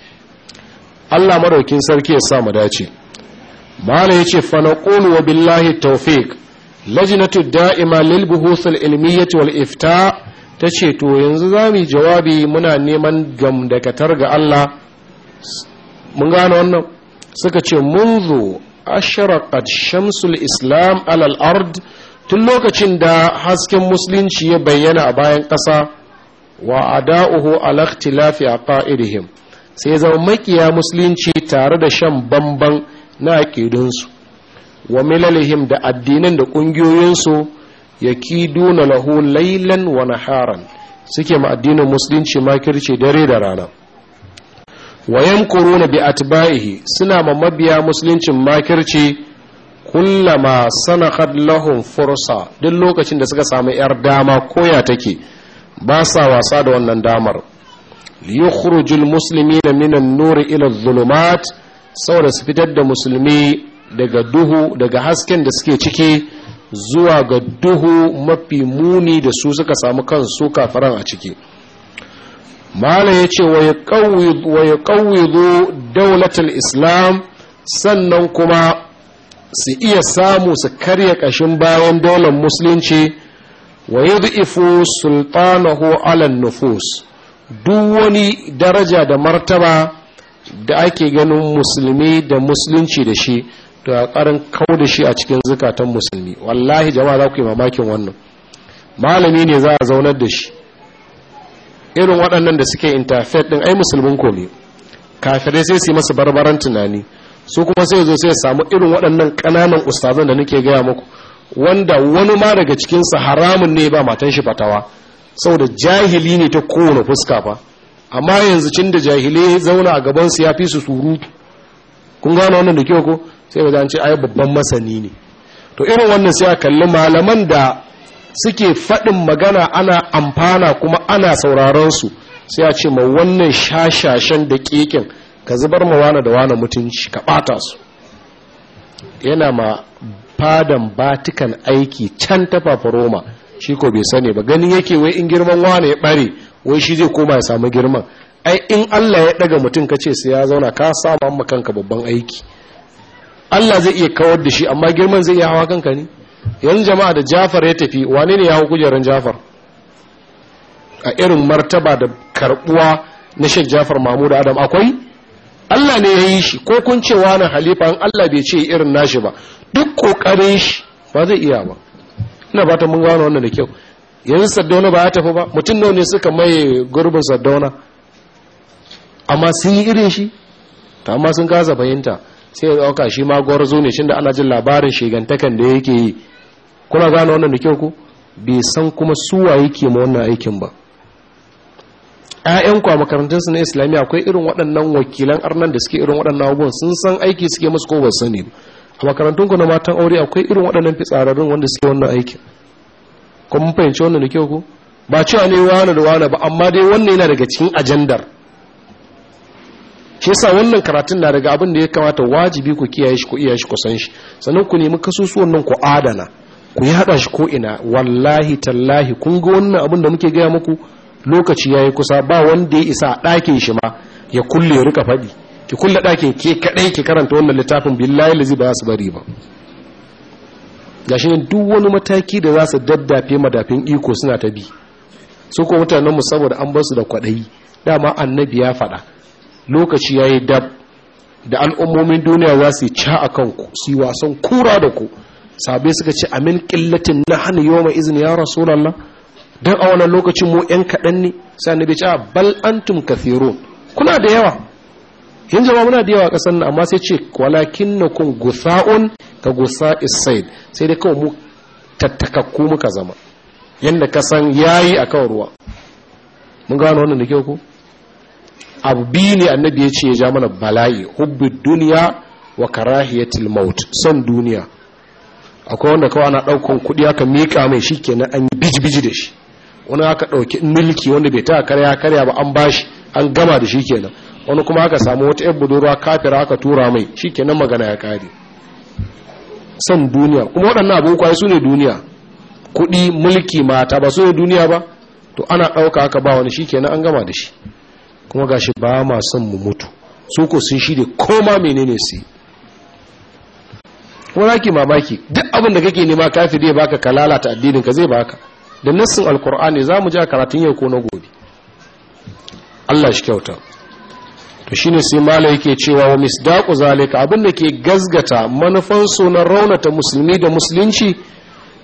Allah maraukin sarki ya sa mu dace mala yace fa naqulu wa billahi Taufik, lajnatu da'ima lil buhuth al ilmiyyah wal ifta tace to yanzu zamu jawabi muna neman gamdakatar ga Allah mun gano wannan suka ce munzu asharaqat shamsul islam alal ard tun lokacin da hasken musulunci ya bayyana a bayan ƙasa wa ada'uhu ala ikhtilafi aqaidihim sai zama makiya musulunci tare da shan bamban na aqidunsu wa milalihim da addinan da kungiyoyinsu yakiduna lahu laylan wa naharan suke ma addinin musulunci makirci dare da rana wa yamkuruna bi atba'ihi suna ma mabiya musuluncin makirci kullama sanaqat lahum fursa duk lokacin da suka samu yar dama koya take ba sa wasa da wannan damar musulmi na minan nuri ila Zulumat saboda su fitar da musulmi daga duhu daga hasken da suke ciki zuwa ga duhu mafi muni da su suka samu kansu kafaran a ciki mala ya ce wa ya ƙawido daulatul islam sannan kuma su iya samu su karya ƙashin bayan daular musulunci wa yud'ifu sultanahu ala nufus duk wani daraja da martaba da ake ganin musulmi da musulunci da shi to a karin kawo da shi a cikin zukatan musulmi wallahi jama'a za ku yi mamakin wannan malami ne za a zaunar da shi irin waɗannan da suke interfet ɗin ai musulmin ko kafirai sai su yi masu barbaran tunani su kuma sai zo sai samu irin waɗannan ƙananan ustazan da nake gaya muku wanda wani ma daga cikinsa haramun ne ba matan shi fatawa saboda jahili ne ta kowane fuska ba amma yanzu cin da jahilai zauna a gabansu ya fi su surutu kun gano wannan da kyau ko sai wajen ce ai babban masani ne to irin wannan sai a kalli malaman da suke faɗin magana ana amfana kuma ana sauraron su sai a ce ma wannan shashashen da kekin ka zubar ma wani da wani mutunci ka ɓata su yana ma fadan batikan aiki can ta Roma shi ko bai sani ba ganin yake wai in girman wane ya bare wai shi zai koma ya samu girman ai in Allah ya daga mutum ka ce sai ya zauna ka samu amma kanka babban aiki Allah zai iya kawar da shi amma girman zai iya hawa kanka ne yanzu jama'a da Jafar ya tafi wane ne ya hau kujerar Jafar a irin martaba da karbuwa na Sheikh Jafar Mahmud Adam akwai Allah ne ya yi shi ko kun ce wani halifa in Allah bai ce irin nashi ba duk kokarin shi ba zai iya ba ina ba ta mun gano wannan da kyau yanzu saddauna ba ya tafi ba mutum nawa ne suka maye gurbin saddauna amma sun yi irin shi ta amma sun gaza bayinta sai ya dauka shi ma zo ne shi da ana jin labarin shigantakan da yake yi kuna gano wannan da kyau ku bai san kuma suwa yake ma wannan aikin ba ƴaƴan ku a na islamiyya akwai irin waɗannan wakilan arnan da suke irin waɗannan abubuwan sun san aiki suke musu ko ba sani a makarantun na matan aure akwai irin waɗannan fitsararrun wanda suke wannan aikin kuma fahimci wannan da kyau ku ba cewa ne wani da wani ba amma dai wannan yana daga cikin ajandar shi sa wannan karatun na daga abin da ya kamata wajibi ku kiyaye shi ko iya shi ku san shi sannan ku nemi kasusuwan nan ku adana ku yi haɗa shi ko ina wallahi tallahi kun ga wannan abin da muke gaya muku lokaci ya yi kusa ba wanda ya isa ɗakin shi ma ya kulle ya rika faɗi ki kulle ɗakin ke kaɗai ki karanta wannan littafin billahi lazi ba za su bari ba gashi shi duk wani mataki da za su daddafe madafin iko suna ta bi su ko mutanen mu saboda an basu da kwaɗayi dama annabi ya faɗa lokaci ya yi dab da al'ummomin duniya za su yi ca a ku su yi wasan kura da ku sabai suka ce amin ƙillatin na hana yau mai izini ya rasulallah don a wannan lokacin mu 'yan kaɗan ne sai annabi ce ah, bal antum kathirun kuna da yawa yin jama muna da yawa a ƙasar nan amma sai ce walakin na kun gusa'un ka gusa isaid sai dai kawai mu tattakakku muka zama yadda kasan san yayi a kan ruwa mun gano wannan da kyau ko abu biyu ne annabi ya ce ya ja mana bala'i hubbi duniya wa karahiyatil maut son duniya akwai wanda kawai ana ɗaukan kuɗi aka miƙa mai shi kenan an yi da shi wani aka ɗauki milki wanda bai ta karya karya ba an bashi an gama da shi kenan wani kuma aka samu wata yan budurwa kafira aka tura mai shi kenan magana ya kare san duniya kuma waɗannan abokwai su ne duniya kuɗi mulki mata ba su ne duniya ba to ana ɗauka aka ba wani shi kenan an gama da shi kuma ga shi ba ma son mu mutu su ko sun shi da koma menene su kuma zaki mamaki duk abin da kake nema kafiri ya baka ka lalata addinin ka zai baka da nassin alkur'ani za mu ja a karatun yau ko na gobe Allah shi kyauta to ne sai mala yake cewa wa misdaqu zalika abin da ke gazgata manufan sunan raunata musulmi da musulunci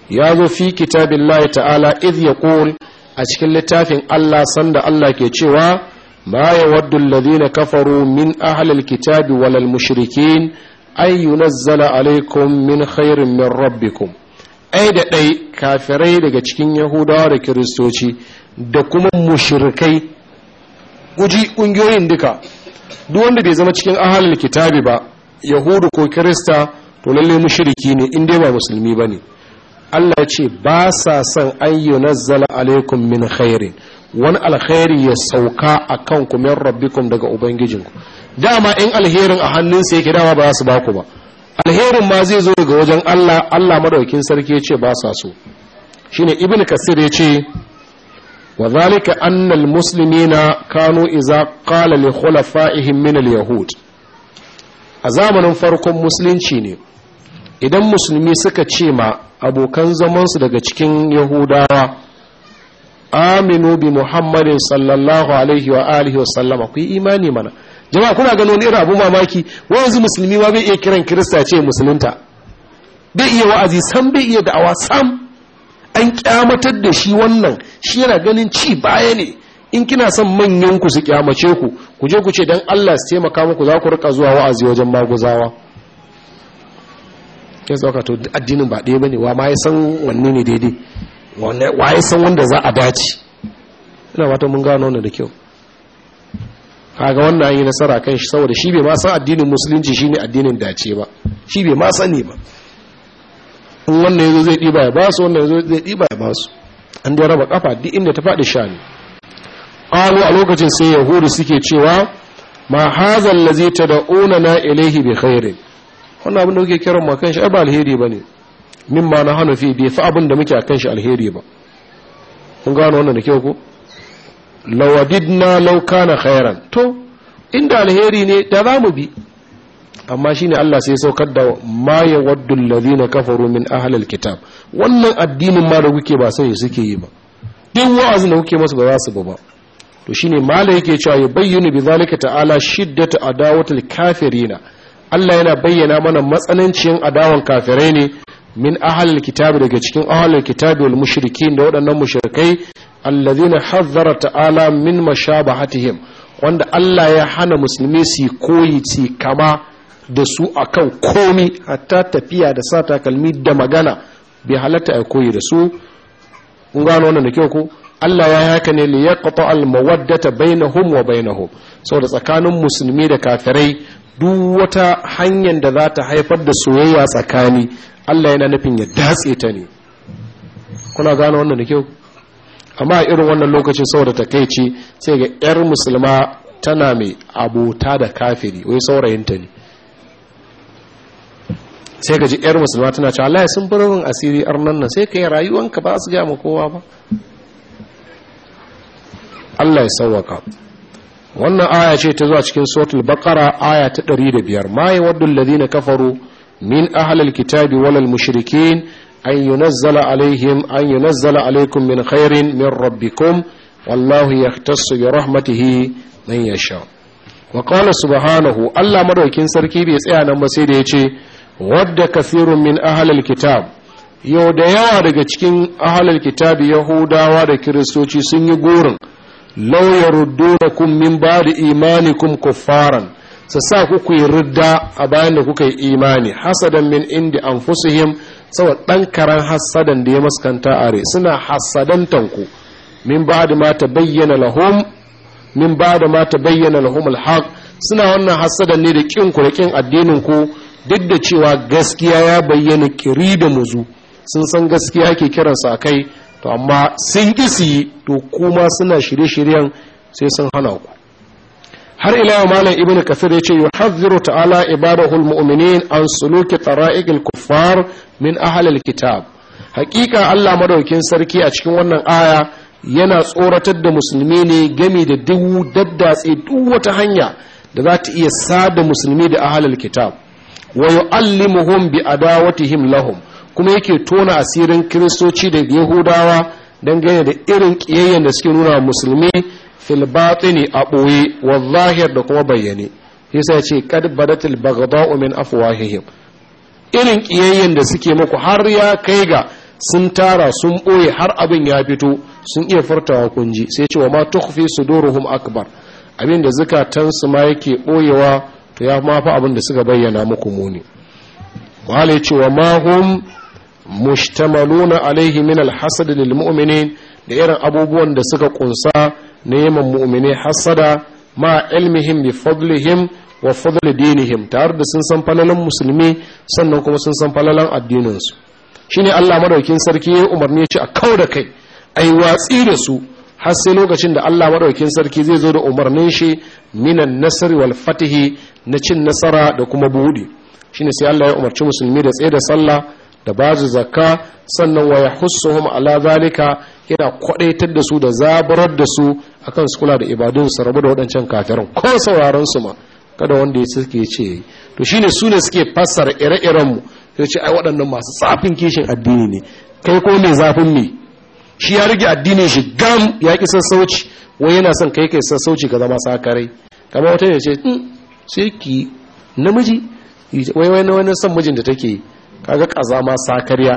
ya zo fi kitabillahi ta'ala idh yaqul a cikin littafin Allah sanda Allah ke cewa ma yawaddu alladhina kafaru min ahli alkitabi walal mushrikin ay yunazzala alaykum min khairin min rabbikum ɗai da ɗai kafirai daga cikin yahudawa da kiristoci da kuma mushirkai guji ƙungiyoyin duka duk wanda bai zama cikin ahalin kitabi ba yahudu ko kirista to lalle mushiriki ne in dai ba musulmi ba ne allah ce ba sa son ayyu nazzala alaikum min khairin wani alkhairi ya sauka a kan min rabbikum daga ubangijinku dama in alherin a hannunsa yake dama ba za su baku ba alherin ma zai zo ga wajen Allah Allah madaukin sarki ya ce ba sa so shine ibnu kasir ya ce wa zalika anna na kanu idza qala li khulafaihim min yahud a zamanin farkon musulunci ne idan musulmi suka ce ma abokan zamansu daga cikin yahudawa aminu bi muhammadin sallallahu alaihi wa alihi wa sallama ku imani mana jama'a kuna gano wani irin abu mamaki wai yanzu musulmi ma bai iya kiran kirista ce musulunta bai iya wa'azi sam bai iya da'awa sam an kyamatar da shi wannan shi yana ganin ci baya ne in kina son manyan ku su kyamace ku ku je ku ce dan Allah su taimaka muku za ku rika zuwa wa'azi wajen maguzawa kin sauka to addinin ba ɗaya bane wa ma ya san wanne ne daidai wa ya san wanda za a dace ina fatan mun gano wannan da kyau kaga wannan yi nasara kan shi saboda shi bai ma san addinin musulunci shine addinin dace ba shi bai ma sani ba in wannan yazo zai diba ya basu wannan yazo zai diba ya basu an dai raba kafa duk inda ta fadi shani qalu a lokacin sai yahudu suke cewa ma hadha allazi tad'una na ilayhi bi khairin wannan abin da kuke kiran mu kan shi ai ba alheri bane mimma na hanu fi bai fa abin da muke kan shi alheri ba kun gano wannan da kyau ko lawadidna law kana khairan to inda alheri ne da za bi amma shine Allah sai saukar da ma yawaddu alladhina kafaru min ahlil kitab wannan addinin ma da kuke ba sai suke yi ba duk wa'azin da kuke masa ba za su ba to shine mala yake cewa ya bayyana bi zalika ta'ala shiddatu adawatil kafirina Allah yana bayyana mana matsanancin adawan kafirai ne min ahlil kitab daga cikin ahlil kitab wal mushrikin da waɗannan mushrikai allazina hazzara ta'ala min mashabahatihim wanda Allah ya hana musulmi su koyi su kama da su akan komi hatta tafiya da sa takalmi da magana bai halatta a koyi da su kun gano wannan da kyau ko Allah ya haka ne li yaqta al mawaddata bainahum wa bainahum saboda tsakanin musulmi da kafirai duk wata hanyar da za ta haifar da soyayya tsakani Allah yana nufin ya datse ta ne kuna gano wannan da kyau amma irin wannan lokacin saboda takaici sai ga yar musulma tana mai abota da kafiri wai saurayinta ne sai ka ji yar musulma tana cewa Allah ya sun barin asiri arnan nan sai ka yi rayuwanka ba su mu kowa ba Allah ya sauwaka wannan aya ce ta zuwa cikin suratul baqara aya ta 105 mai wadul Ladina kafaru min ahlil kitabi walal mushrikin an yunazzala alaihim alaikum min khairin min rabbikum wallahu yahtassu bi rahmatihi man yasha wa qala subhanahu Allah madaukin sarki bai tsaya nan ba sai da yace wadda kathirun min ahlil kitab yau da yawa daga cikin ahlil kitab yahudawa da kiristoci sun yi gurin law yaruddunakum min ba'di imanikum kuffaran sa sa ku yi ridda a bayan da kuka yi imani hasadan min indi anfusihim Sawa ɗan karan hassadan da ya maskanta are suna hassadantan ku min ba da ma ta bayyana lahum min ba da ma ta bayyana lahum alhaq suna wannan hassadan ne da ƙin ku da ƙin addinin ku duk da cewa gaskiya ya bayyana kiri da muzu sun san gaskiya ke kiransa kai to amma sun ƙi su to kuma suna shirye-shiryen sai sun hana ku har ila yau malam ibnu kasir yace yuhadhiru ta'ala ibadahul mu'minin an suluki tara'iqil kuffar min ahli alkitab haƙiƙa Allah madaukin sarki a cikin wannan aya yana tsoratar da musulmi ne game da duk daddatse duk wata hanya da za ta iya sada musulmi da ahlul kitab wa yu'allimuhum bi adawatihim lahum kuma yake tona asirin kiristoci da yahudawa dangane da irin kiyayyen da suke nuna musulmi fil batini a ɓoye wa zahir da kuma bayyane yasa ce kad badatil baghdha'u min afwahihim irin kiyayyen da suke muku har ya kai ga sun tara sun ɓoye har abin ya fito sun iya furtawa kunji sai ce wa ma tukhfi suduruhum akbar abin da zukatansu ma yake ɓoyewa to ya ma fa abin da suka bayyana muku muni wala ya ce wa ma hum mushtamaluna alaihi min alhasad lil mu'minin da irin abubuwan da suka kunsa neman mu'mini hassada ma ilmihim bi fadlihim wa fadli dinihim tare da sun san falalan musulmi sannan kuma sun san falalan addininsu shine Allah madaukin sarki ya umarni shi a kau da kai ai watsi da su har sai lokacin da Allah madaukin sarki zai zo da umarnin shi minan nasri wal fatihi na cin nasara da kuma buɗe shine sai Allah ya umarci musulmi da tsaye da sallah da ba su zakka sannan wa yahussuhum ala zalika yana kwadaitar da su da zaburar da su akan su kula da ibadun su rabu da waɗancan kafirin ko sauraron su ma kada wanda ya suke ce to shine su ne suke fassara ire-iren mu ce ai waɗannan masu tsafin kishin addini ne kai ko mai zafin ne shi ya rage addinin shi gam ya ki sassauci wai yana son kai kai sassauci ka zama sakarai kamar wata ne ce mm, sai ki namiji wai wani wani son mijin da take yi kaga kaza ma sakarya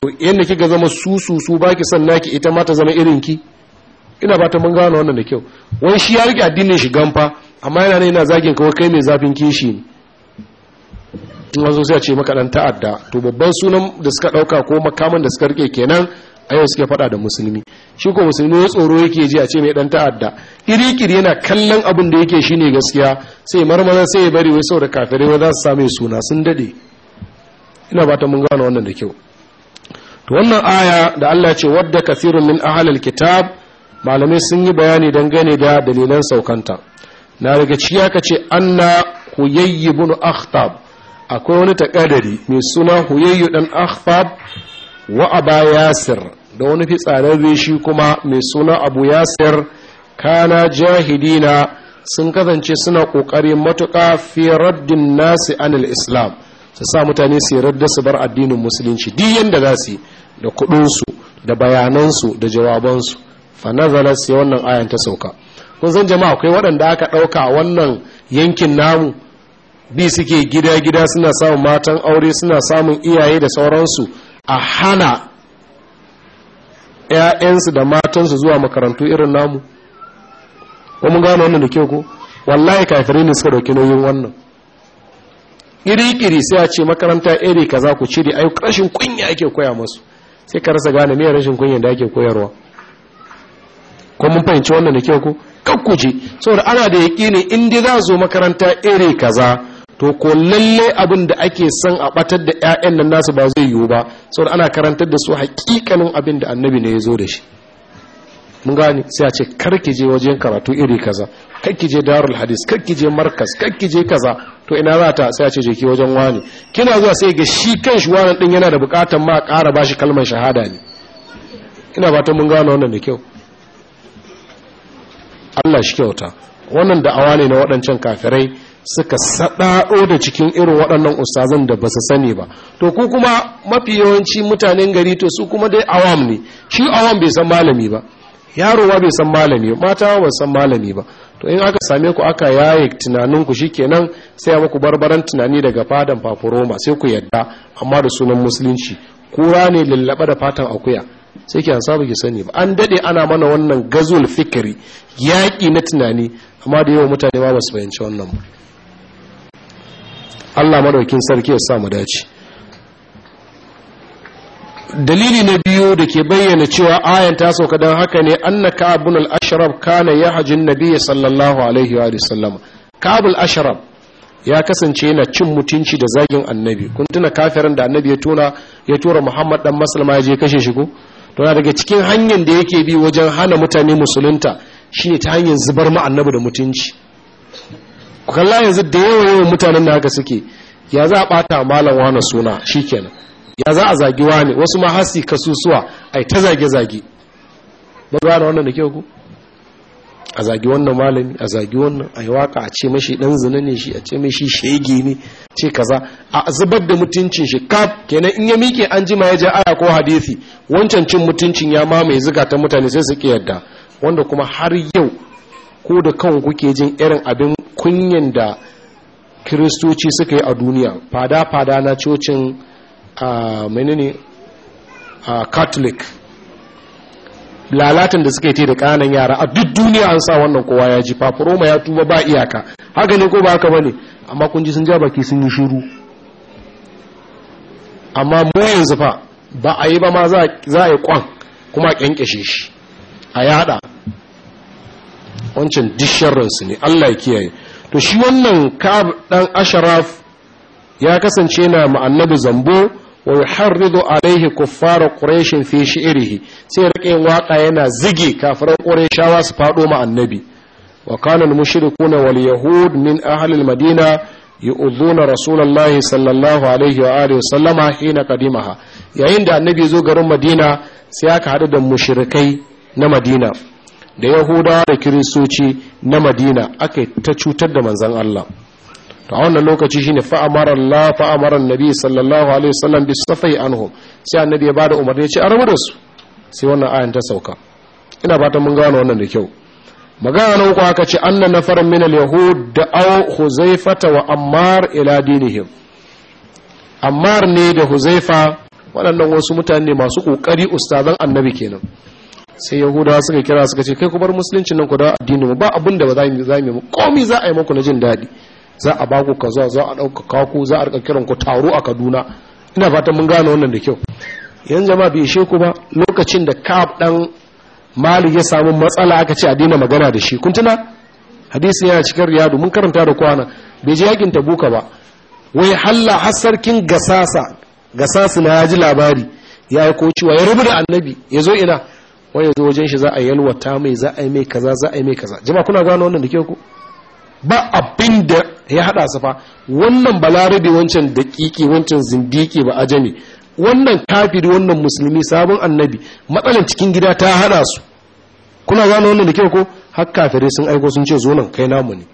to yadda kika zama susu su baki san naki ita ma ta zama irin ki ina ba ta mun gano wannan da kyau wai shi ya rike addinin shi gamfa amma yana ne yana zagin kawai kai mai zafin kishi ne wasu sai a ce maka dan ta'adda to babban sunan da suka dauka ko makaman da suka rike kenan a yau suke fada da musulmi shi ko musulmi ya tsoro yake ji a ce mai dan ta'adda kirikiri yana kallon abin da yake shine gaskiya sai marmara sai ya bari wai saboda kafirai wanda za su same suna sun dade ina ba ta mun gano wannan da kyau to wannan aya da Allah ce wadda kasirun min ahlil kitab malamai sun yi bayani dangane da dalilan saukanta na daga ciya kace ce anna huyayy ibn akhtab akwai wani takadari mai suna huyayyu dan akhtab wa aba yasir da wani fitsarin shi kuma mai suna abu yasir kana jahidina sun kasance suna kokarin matuka fi raddin nasi anil islam su sa mutane su yarda su bar addinin musulunci duk yanda za su da kuɗinsu da bayanansu da jawabansu fa nazala sai wannan ayan ta sauka kun san jama'a akwai waɗanda aka ɗauka a wannan yankin namu bi suke gida-gida suna samun matan aure suna samun iyaye da sauransu a hana 'ya'yansu da matansu zuwa makarantu irin namu ko mun gano wannan da kyau ko wallahi kafirai ne suka dauki nauyin wannan iri-iri sai a ce makaranta iri kaza ku cire ai rashin kunya ake koya masu sai ka rasa gane me rashin kunya da ake koyarwa ko mun fahimci wannan da kyau ko kakkuje saboda ana da yaƙini in dai za zo makaranta iri kaza to ko lalle abin da ake son a batar da 'ya'yan nan nasu ba zai yiwu ba saboda ana karantar da su hakikanin abin da annabi ne ya zo da shi mun gane sai a ce karki je wajen karatu iri kaza kakki je darul hadis kakki je markas kakki je kaza to ina za ta sai a ce jeki wajen wani kina zuwa sai ga shi kan shi wani din yana da bukatan ma ƙara bashi kalmar shahada ne ina fatan mun gano wannan da kyau Allah shi kyauta wannan da'awa ne na waɗancan kafirai suka saɗaɗo da cikin irin waɗannan ustazan da ba su sani ba to ku kuma mafi yawanci mutanen gari to su kuma dai awam ne shi awam bai san malami ba yaro bai san malami mata ba san malami ba to in aka same ku aka yaye tunanin tunaninku shikenan sai muku barbaran tunani daga fadan fafuroma sai ku yadda amma da sunan musulunci kura ne lallaba da fatan akuya sai ki hansa baki ki sani ba an dade ana mana wannan gazul fikiri yaƙi na tunani amma da yawa mutane ba su fahimci wannan ba Allah madaukin sarki ya sa mu dace dalili na biyu da ke bayyana cewa ayan ta sauka don haka ne anna ka'abun ashraf kana yahjin Nabiya sallallahu alaihi wa sallama ashraf ya kasance na cin mutunci da zagin annabi kun tuna kafirin da annabi ya tuna ya tura muhammad dan maslama ya je kashe shi ko to na daga cikin hanyar da yake bi wajen hana mutane musulunta shine ta hanyar zubar ma da mutunci ku kalla yanzu da yawa yawan mutanen da haka suke ya za a bata malam wani suna shikenan ya za a zagi wani wasu ma hasi kasusuwa ai ta zage-zage ba gane wannan da kyau ku a zagi wannan malami a zagi wannan a yi waka a ce mashi dan zina ne shi a ce mashi shege ne ce kaza a zubar da mutuncin shi kaf kenan in ya miƙe an jima ya je aya ko hadithi. wancan cin mutuncin ya mamaye zuga ta mutane sai su ki yadda wanda kuma har yau ko da kan kuke jin irin abin kunyan da kiristoci suka yi a duniya fada fada na cocin a menene a catholic lalatan da suka yi da kanan yara a duk duniya an sa wannan kowa ya ji faforoma ya tuba ba iyaka haka ne ko ba haka bane amma kun ji sun ja baki sun yi shiru amma mu yanzu fa ba a yi ba ma za a yi kwan kuma a kyankyashe shi a yada wancan disharransu ne allah ya kiyaye to shi wannan kab dan asharaf ya kasance na ma'annabi zambo wa yuharridu alaihi kuffar quraish fi shi'rihi sai rike waka yana zige kafiran qurayshawa su fado ma annabi wa kana al-mushrikuna wal yahud min ahli al-madina yu'dhuna rasulullahi sallallahu alaihi wa alihi sallama hina qadimaha yayin da annabi zo garin madina sai aka hadu da mushirikai na madina da yahudawa da kiristoci na madina aka ta cutar da manzon Allah to a wannan lokaci shine fa amara Allah fa amara Annabi sallallahu alaihi wasallam bi safai anhum sai annabi ya bada umarni ya ce a da su sai wannan ayan ta sauka ina fatan mun gano wannan da kyau magana nan ku aka ce anna nafaran min al-yahud da aw huzaifata wa ammar ila dinihim ammar ne da huzaifa waɗannan wasu mutane masu ƙoƙari ustazan annabi kenan sai yahudawa suka kira suka ce kai ku bar musulunci nan ku da addini mu ba abin da ba za mu yi mu komai za a yi muku na jin daɗi za a baku kaza za a ɗauka kaku za a kiran ku taro a kaduna ina fatan mun gane wannan da kyau yan jama bai ishe ku ba lokacin da kaf dan mali ya samu matsala aka ce a daina magana da shi kun tuna hadisi yana cikin riyadu mun karanta da kwana bai je yakin tabuka ba wai halla hasarkin gasasa gasasa na ya ji labari ya yi kociwa ya rubu da annabi ya zo ina Wani ya zo wajen shi za a yalwata mai za a yi mai kaza za a yi mai kaza jama'a kuna gano wannan da kyau ku ba abin da ya hada su fa wannan balarabe wancan dakiki wancan zindiki ba ajami wannan kafiri wannan musulmi sabon annabi matsalan cikin gida ta hada su kuna gano wannan da kyau ko har kafire sun aiko sun ce zo nan kai namu ne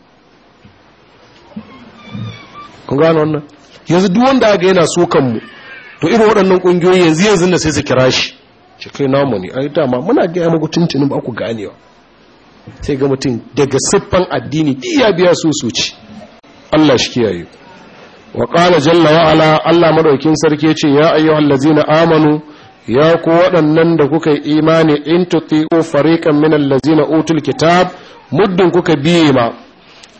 kun gano wannan yanzu duk wanda aka yana so mu. to irin waɗannan ƙungiyoyi yanzu yanzu da sai su kira shi shi kai namu ne ai dama muna ga muku tuntunin ba ku ganewa sai ga mutum daga siffan addini iya biya su su ci Allah shi kiyaye wa qala jalla wa ala Allah madaukin sarki ce ya ayyuhal ladzina amanu ya ku waɗannan da kuka yi imani in tuti'u fariqan minal ladzina utul kitab muddin kuka biye ma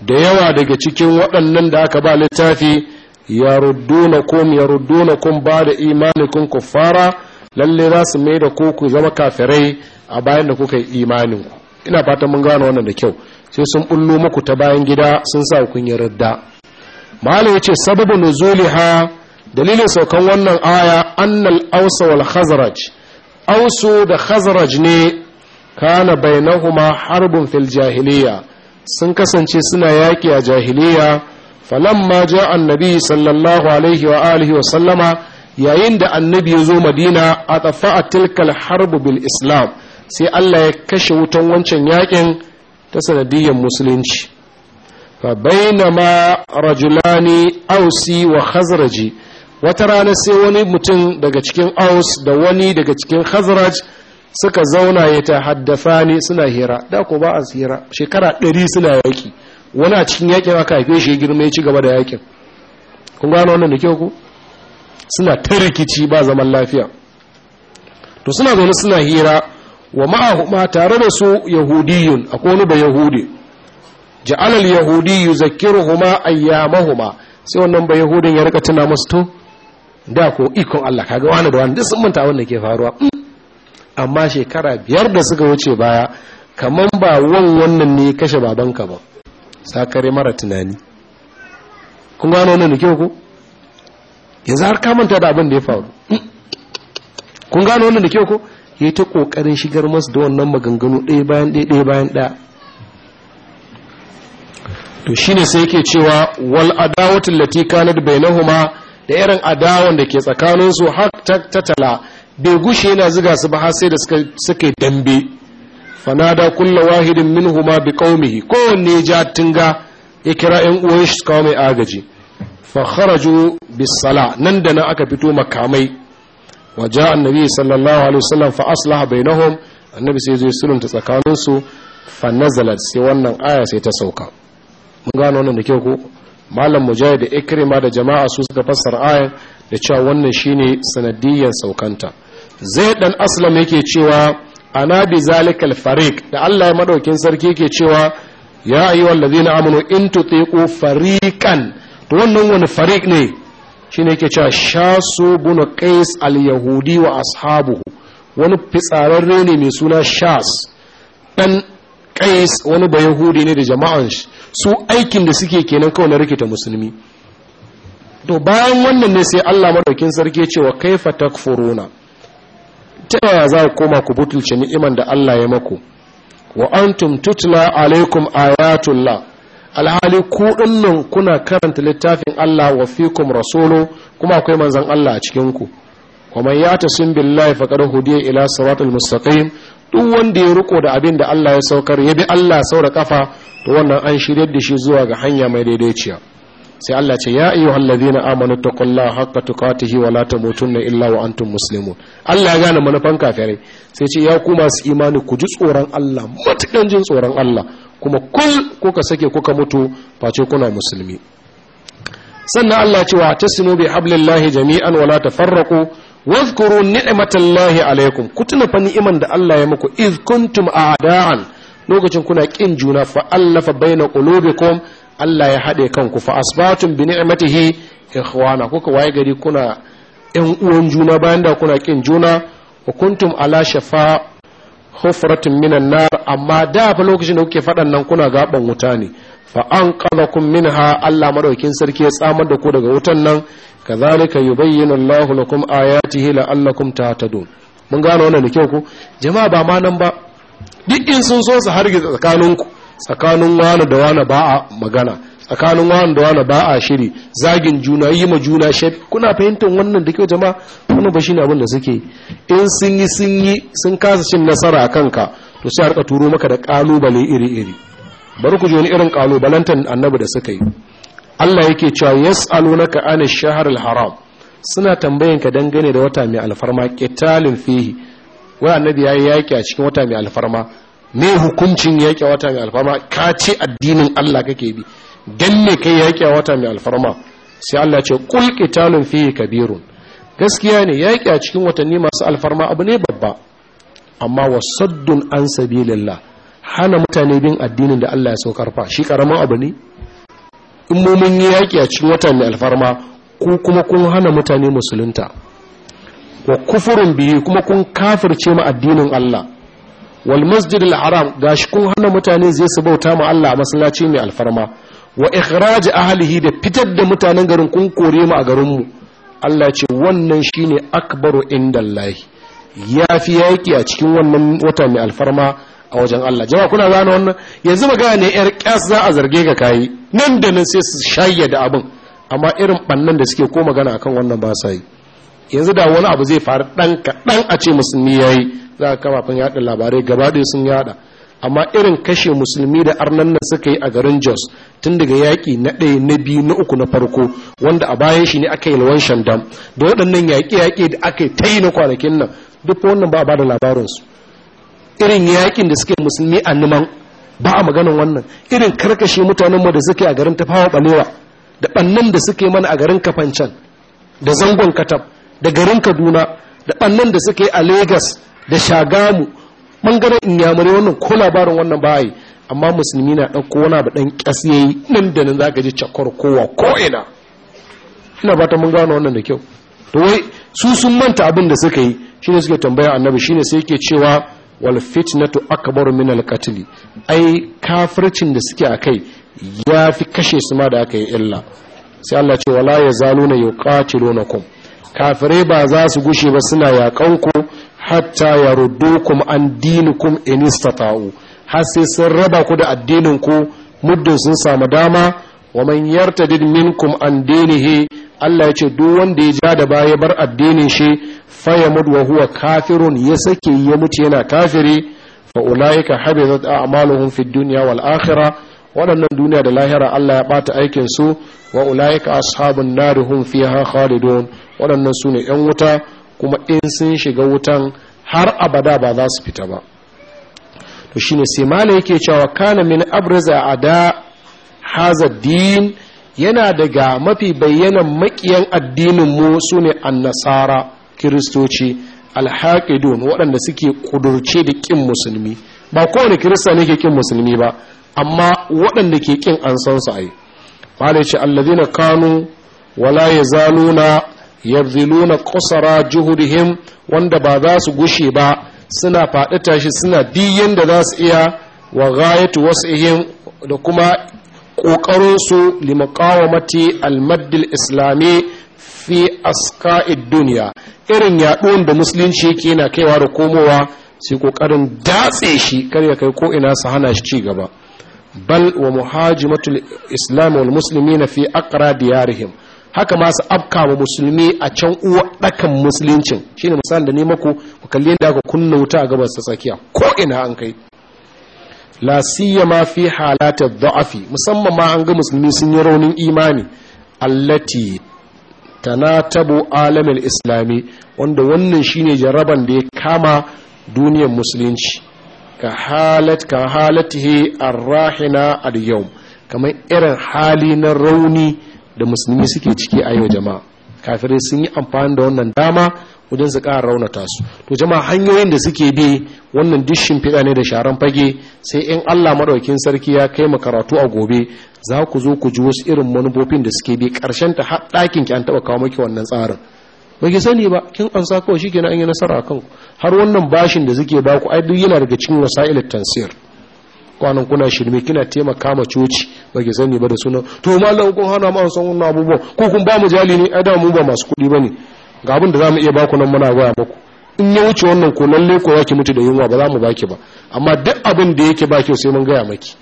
da yawa daga cikin waɗannan da aka ba littafi ya ruddunakum ya ruddunakum ba da kun kuffara lalle za su mai da ku ku zama kafirai a bayan da kuka yi imaninku ina fatan mun gano wannan da kyau sai sun bullo maku ta bayan gida sun sa kun yi radda malam yace sababu nuzuliha dalilin saukan wannan aya annal ausa wal khazraj ausu da khazraj ne kana bainahuma harbun fil jahiliya sun kasance suna yaki a jahiliya falamma ja annabi sallallahu alaihi wa alihi wa sallama yayin da annabi ya zo madina a tafa'a tilkal harbu bil islam sai Allah ya kashe wutan wancan yakin ta sanadiyyar musulunci fa bainama rajulani ausi wa khazraji wata rana sai wani mutum daga cikin aus da wani daga cikin khazraj suka zauna ya ta haddafa ne suna hira da ko ba a hira shekara ɗari suna yaki wani a cikin yakin aka haife shi girma ya ci gaba da yakin kun gano wannan da kyau ku suna ta rikici ba zaman lafiya to suna zaune suna hira wa ma'ahuma tare da su yahudiyun akwai wani da yahudi ja'alal yahudi yuzakkiruhuma ayyamahuma sai wannan ba yahudin ya rika tuna musu to da ko ikon Allah kaga wani da wani duk sun manta wanda ke faruwa mm. amma shekara biyar da suka wuce baya kaman ba wan wannan ne kashe babanka ba sakare mara tunani kun gano wannan da kyau ko yanzu har ka manta da abin da ya faru mm. kun gano wannan da kyau ko ya ta ƙoƙarin shigar masu da wannan maganganu ɗaya bayan ɗaya ɗaya bayan ɗaya to shine sai yake cewa wal kanar bai na bainahuma da irin adawan da ke tsakaninsu su har tattala bai gushe yana ziga su ba har sai da suka suka dambe fanada kulla wahidin huma bi qaumihi kowanne ja tinga ya kira yan uwan shi kawo mai agaji fa kharaju bis sala nan da nan aka fito makamai wa ja annabi sallallahu alaihi wasallam fa aslaha bainahum annabi sai zai sulunta tsakaninsu fa nazalat sai wannan aya sai ta sauka mun gano wannan da kyau ko malam mujahid da ikrima da jama'a su suka fassara da cewa wannan shine sanadiyyar saukanta zai dan aslam yake cewa ana bi zalikal fariq da Allah ya madaukin sarki yake cewa ya ayyuhallazina amanu in tutiqu fariqan to wannan wani fariq ne shi ne ke cewa shasu bunu qais al-yahudi wa ashabuhu wani fitsararre ne mai suna shas dan qais wani ba yahudi ne da jama'an su aikin da suke kenan kawai na rikita musulmi to bayan wannan ne sai Allah madaukin sarki ce wa kaifa takfuruna ta yaya za ku koma ku butulce ni'iman da Allah ya mako wa antum tutla alaikum ayatullah alhali ku dinnan kuna karanta littafin Allah wa fikum rasulu kuma akwai manzon Allah a cikin ku wa man sun billahi faqad hudiya ila siratal mustaqim duk wanda ya riko da abin da Allah ya saukar ya bi Allah saura kafa to wannan an shiryar da shi zuwa ga hanya mai daidaiciya sai Allah ce ya ayu ladina amanu taqullaha haqqa tuqatih wa la tamutunna illa wa antum muslimun Allah ya gane manufan kafire sai ce ya ku masu imani ku ji tsoron Allah matukan jin tsoron Allah kuma kul kuka sake kuka mutu face kuna musulmi sannan Allah ce wa tasinu bi hablillahi jami'an wa la tafarraqu واذكروا نعمة الله عليكم كتنا da allah ya muku إذ ada'an lokacin kuna كنا juna fa فألف بين قلوبكم Allah ya haɗe kanku fa asbatun bi ni'matihi ikhwana kuka waye gari kuna ƴan uwan juna bayan da kuna kin juna wa kuntum ala shafa hufratin minan nar amma da fa lokacin da kuke faɗan nan kuna gaban wuta ne fa an qalakum minha Allah madaukin sarki ya tsamar da ku daga wutan nan kazalika yubayyinu Allahu lakum ayatihi la'allakum tahtadun mun gano wannan da kyau ku. jama'a ba ma nan ba duk in sun so su hargiza tsakaninku tsakanin wani da wani ba a magana tsakanin wani da wani ba a shiri zagin juna yi ma juna shef kuna fahimtar wannan da kyau jama wannan ba shine abin da suke in sun yi sun yi sun kasa cin nasara a kanka to sai a rika turo maka da kalubale iri iri bari ku ji irin kalubalantan annabi da suka yi Allah yake cewa yas'alunaka anish shahr al-haram suna tambayanka dangane da wata mai alfarma qitalin fihi wai annabi yayi yaki a cikin wata mai alfarma me hukuncin yaƙi a wata mai alfarma ka ce addinin Allah kake bi dan ne kai yaƙi a wata mai alfarma sai Allah ce kul qitalun fiye kabirun gaskiya ne yaƙi a cikin watanni masu alfarma abu ne babba amma wasaddun an sabilillah hana mutane bin addinin da Allah ya saukar fa shi karamin abu ne in mumin yi yaƙi a cikin wata mai alfarma ku kuma kun hana mutane musulunta wa kufurin biyu kuma kun kafirce ma addinin Allah wal masjid al haram gashi kun hana mutane zai su bauta ma Allah a masallaci mai alfarma wa ikhraj ahlihi da fitar da mutanen garin kun kore mu a garin mu Allah ce wannan shine akbaru indallahi yafi yaki a cikin wannan wata mai alfarma a wajen Allah jama'a kuna gane wannan yanzu magana ne yar kyas za a zarge ga kai nan da nan sai su shayya da abin amma irin bannan da suke ko magana akan wannan ba sa yi yanzu da wani abu zai faru dan kaɗan a ce musulmi yayi za ka kafafen yada labarai gaba ɗaya sun yada amma irin kashe musulmi da arnan nan suka yi a garin jos tun daga yaƙi na ɗaya na biyu na uku na farko wanda a bayan shi ne aka yi lawan shandam da waɗannan yaƙe-yaƙe da aka yi ta yi na kwanakin nan duk wannan ba a bada labarinsu irin yaƙin da suke musulmi a numan ba a maganin wannan irin karkashe mutanenmu da suke a garin tafawa balewa da ɓannan da suke mana a garin kafancan da zangon katab da garin kaduna da ɓannan da suka yi a Legas da shagamu in inyamurai wannan ko labarin wannan bayi amma musulmi na ɗan wani abu ɗan ƙas nan da nan za ka ji cakwar kowa ko'ina ina ba ta mun gano wannan da kyau to wai su sun manta abin da suka yi shine suke tambaya annabi shine sai ke cewa wal fitnatu akbaru min al ai kafircin da suke akai ya fi kashe su ma da aka yi illa sai Allah ce wala yazaluna yuqatilunakum kafirai ba za su gushe ba suna yakan ku hatta kuma an dinikum in istata'u har sai sun raba ku da addinin ku muddin sun samu dama wa man yartadid minkum an dinihi Allah ya ce duk wanda ya ja da baya bar addinin shi fayamud wa huwa kafirun ya sake ya mutu yana kafiri fa ulaika habitat a'maluhum fid dunya wal akhirah waɗannan duniya da lahira Allah ya bata aikin su wa ulaika ashabun nar hum fiha khalidun waɗannan suna yan wuta kuma in sun shiga wutan har abada ba za su fita ba to ne sai mala yake cewa kana min abraza ada haza din yana daga mafi bayyanan makiyan addinin mu sune annasara kiristoci alhaqidun waɗanda suke kudurce da ƙin musulmi ba kowane kirista ne ke kin musulmi ba amma waɗanda ke ƙin an san su ai mala yace allazina kanu wala yazaluna yabziluna qasara juhudihim wanda ba za su gushe ba suna faɗi tashi suna biyan da za su iya wa ghayatu wasihim da kuma kokarin su limaqawamati almaddil islami fi asqa'id dunya irin yaɗuwan da musulunci yake yana kaiwa da komowa sai ƙoƙarin datse shi kar ya kai ko ina su hana shi ci gaba bal wa muhajimatul islam wal muslimina fi aqra diyarihim haka ma su afka wa musulmi a can uwa ɗakan musuluncin shine misalin da ne mako ku kalli yadda aka kunna wuta a gabas ta tsakiya ko ina an kai la siya ma fi halatar da'afi musamman ma an ga musulmi sun yi raunin imani allati tabo alamil islami wanda wannan shine jaraban da ya kama duniyar musulunci ka halat ka halatihi arrahina al-yawm kamar irin hali na rauni da musulmi suke ciki a yau jama'a kafirai sun yi amfani da wannan dama wajen su ƙara raunata su to jama'a hanyoyin da suke bi wannan duk fiɗa ne da sharan fage sai in Allah maɗaukin sarki ya kai mu karatu a gobe za ku zo ku ji wasu irin manufofin da suke bi ƙarshen ta har ɗakin ki an taɓa kawo maki wannan tsarin ba ki sani ba kin an sa kawai shi kenan an yi nasara kan har wannan bashin da suke ba ku ai duk yana daga cikin wasa'il tansir kwanan kuna shirme kina taimaka ma coci ba ke sani ba da suna to malam kun hana ma san wannan abubuwa ko kun ba mu jali ne ada mu ba masu kuɗi bane ga abin da za mu iya ba ku nan muna gaya muku in ya wuce wannan ko lalle ko ki mutu da yunwa ba za mu baki ba amma duk abin da yake baki sai mun gaya maki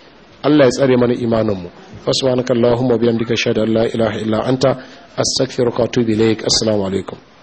Allah ya tsare mana imanin mu fasubhanakallahumma bihamdika shada la ilaha illa anta astaghfiruka wa atubu ilaik assalamu alaikum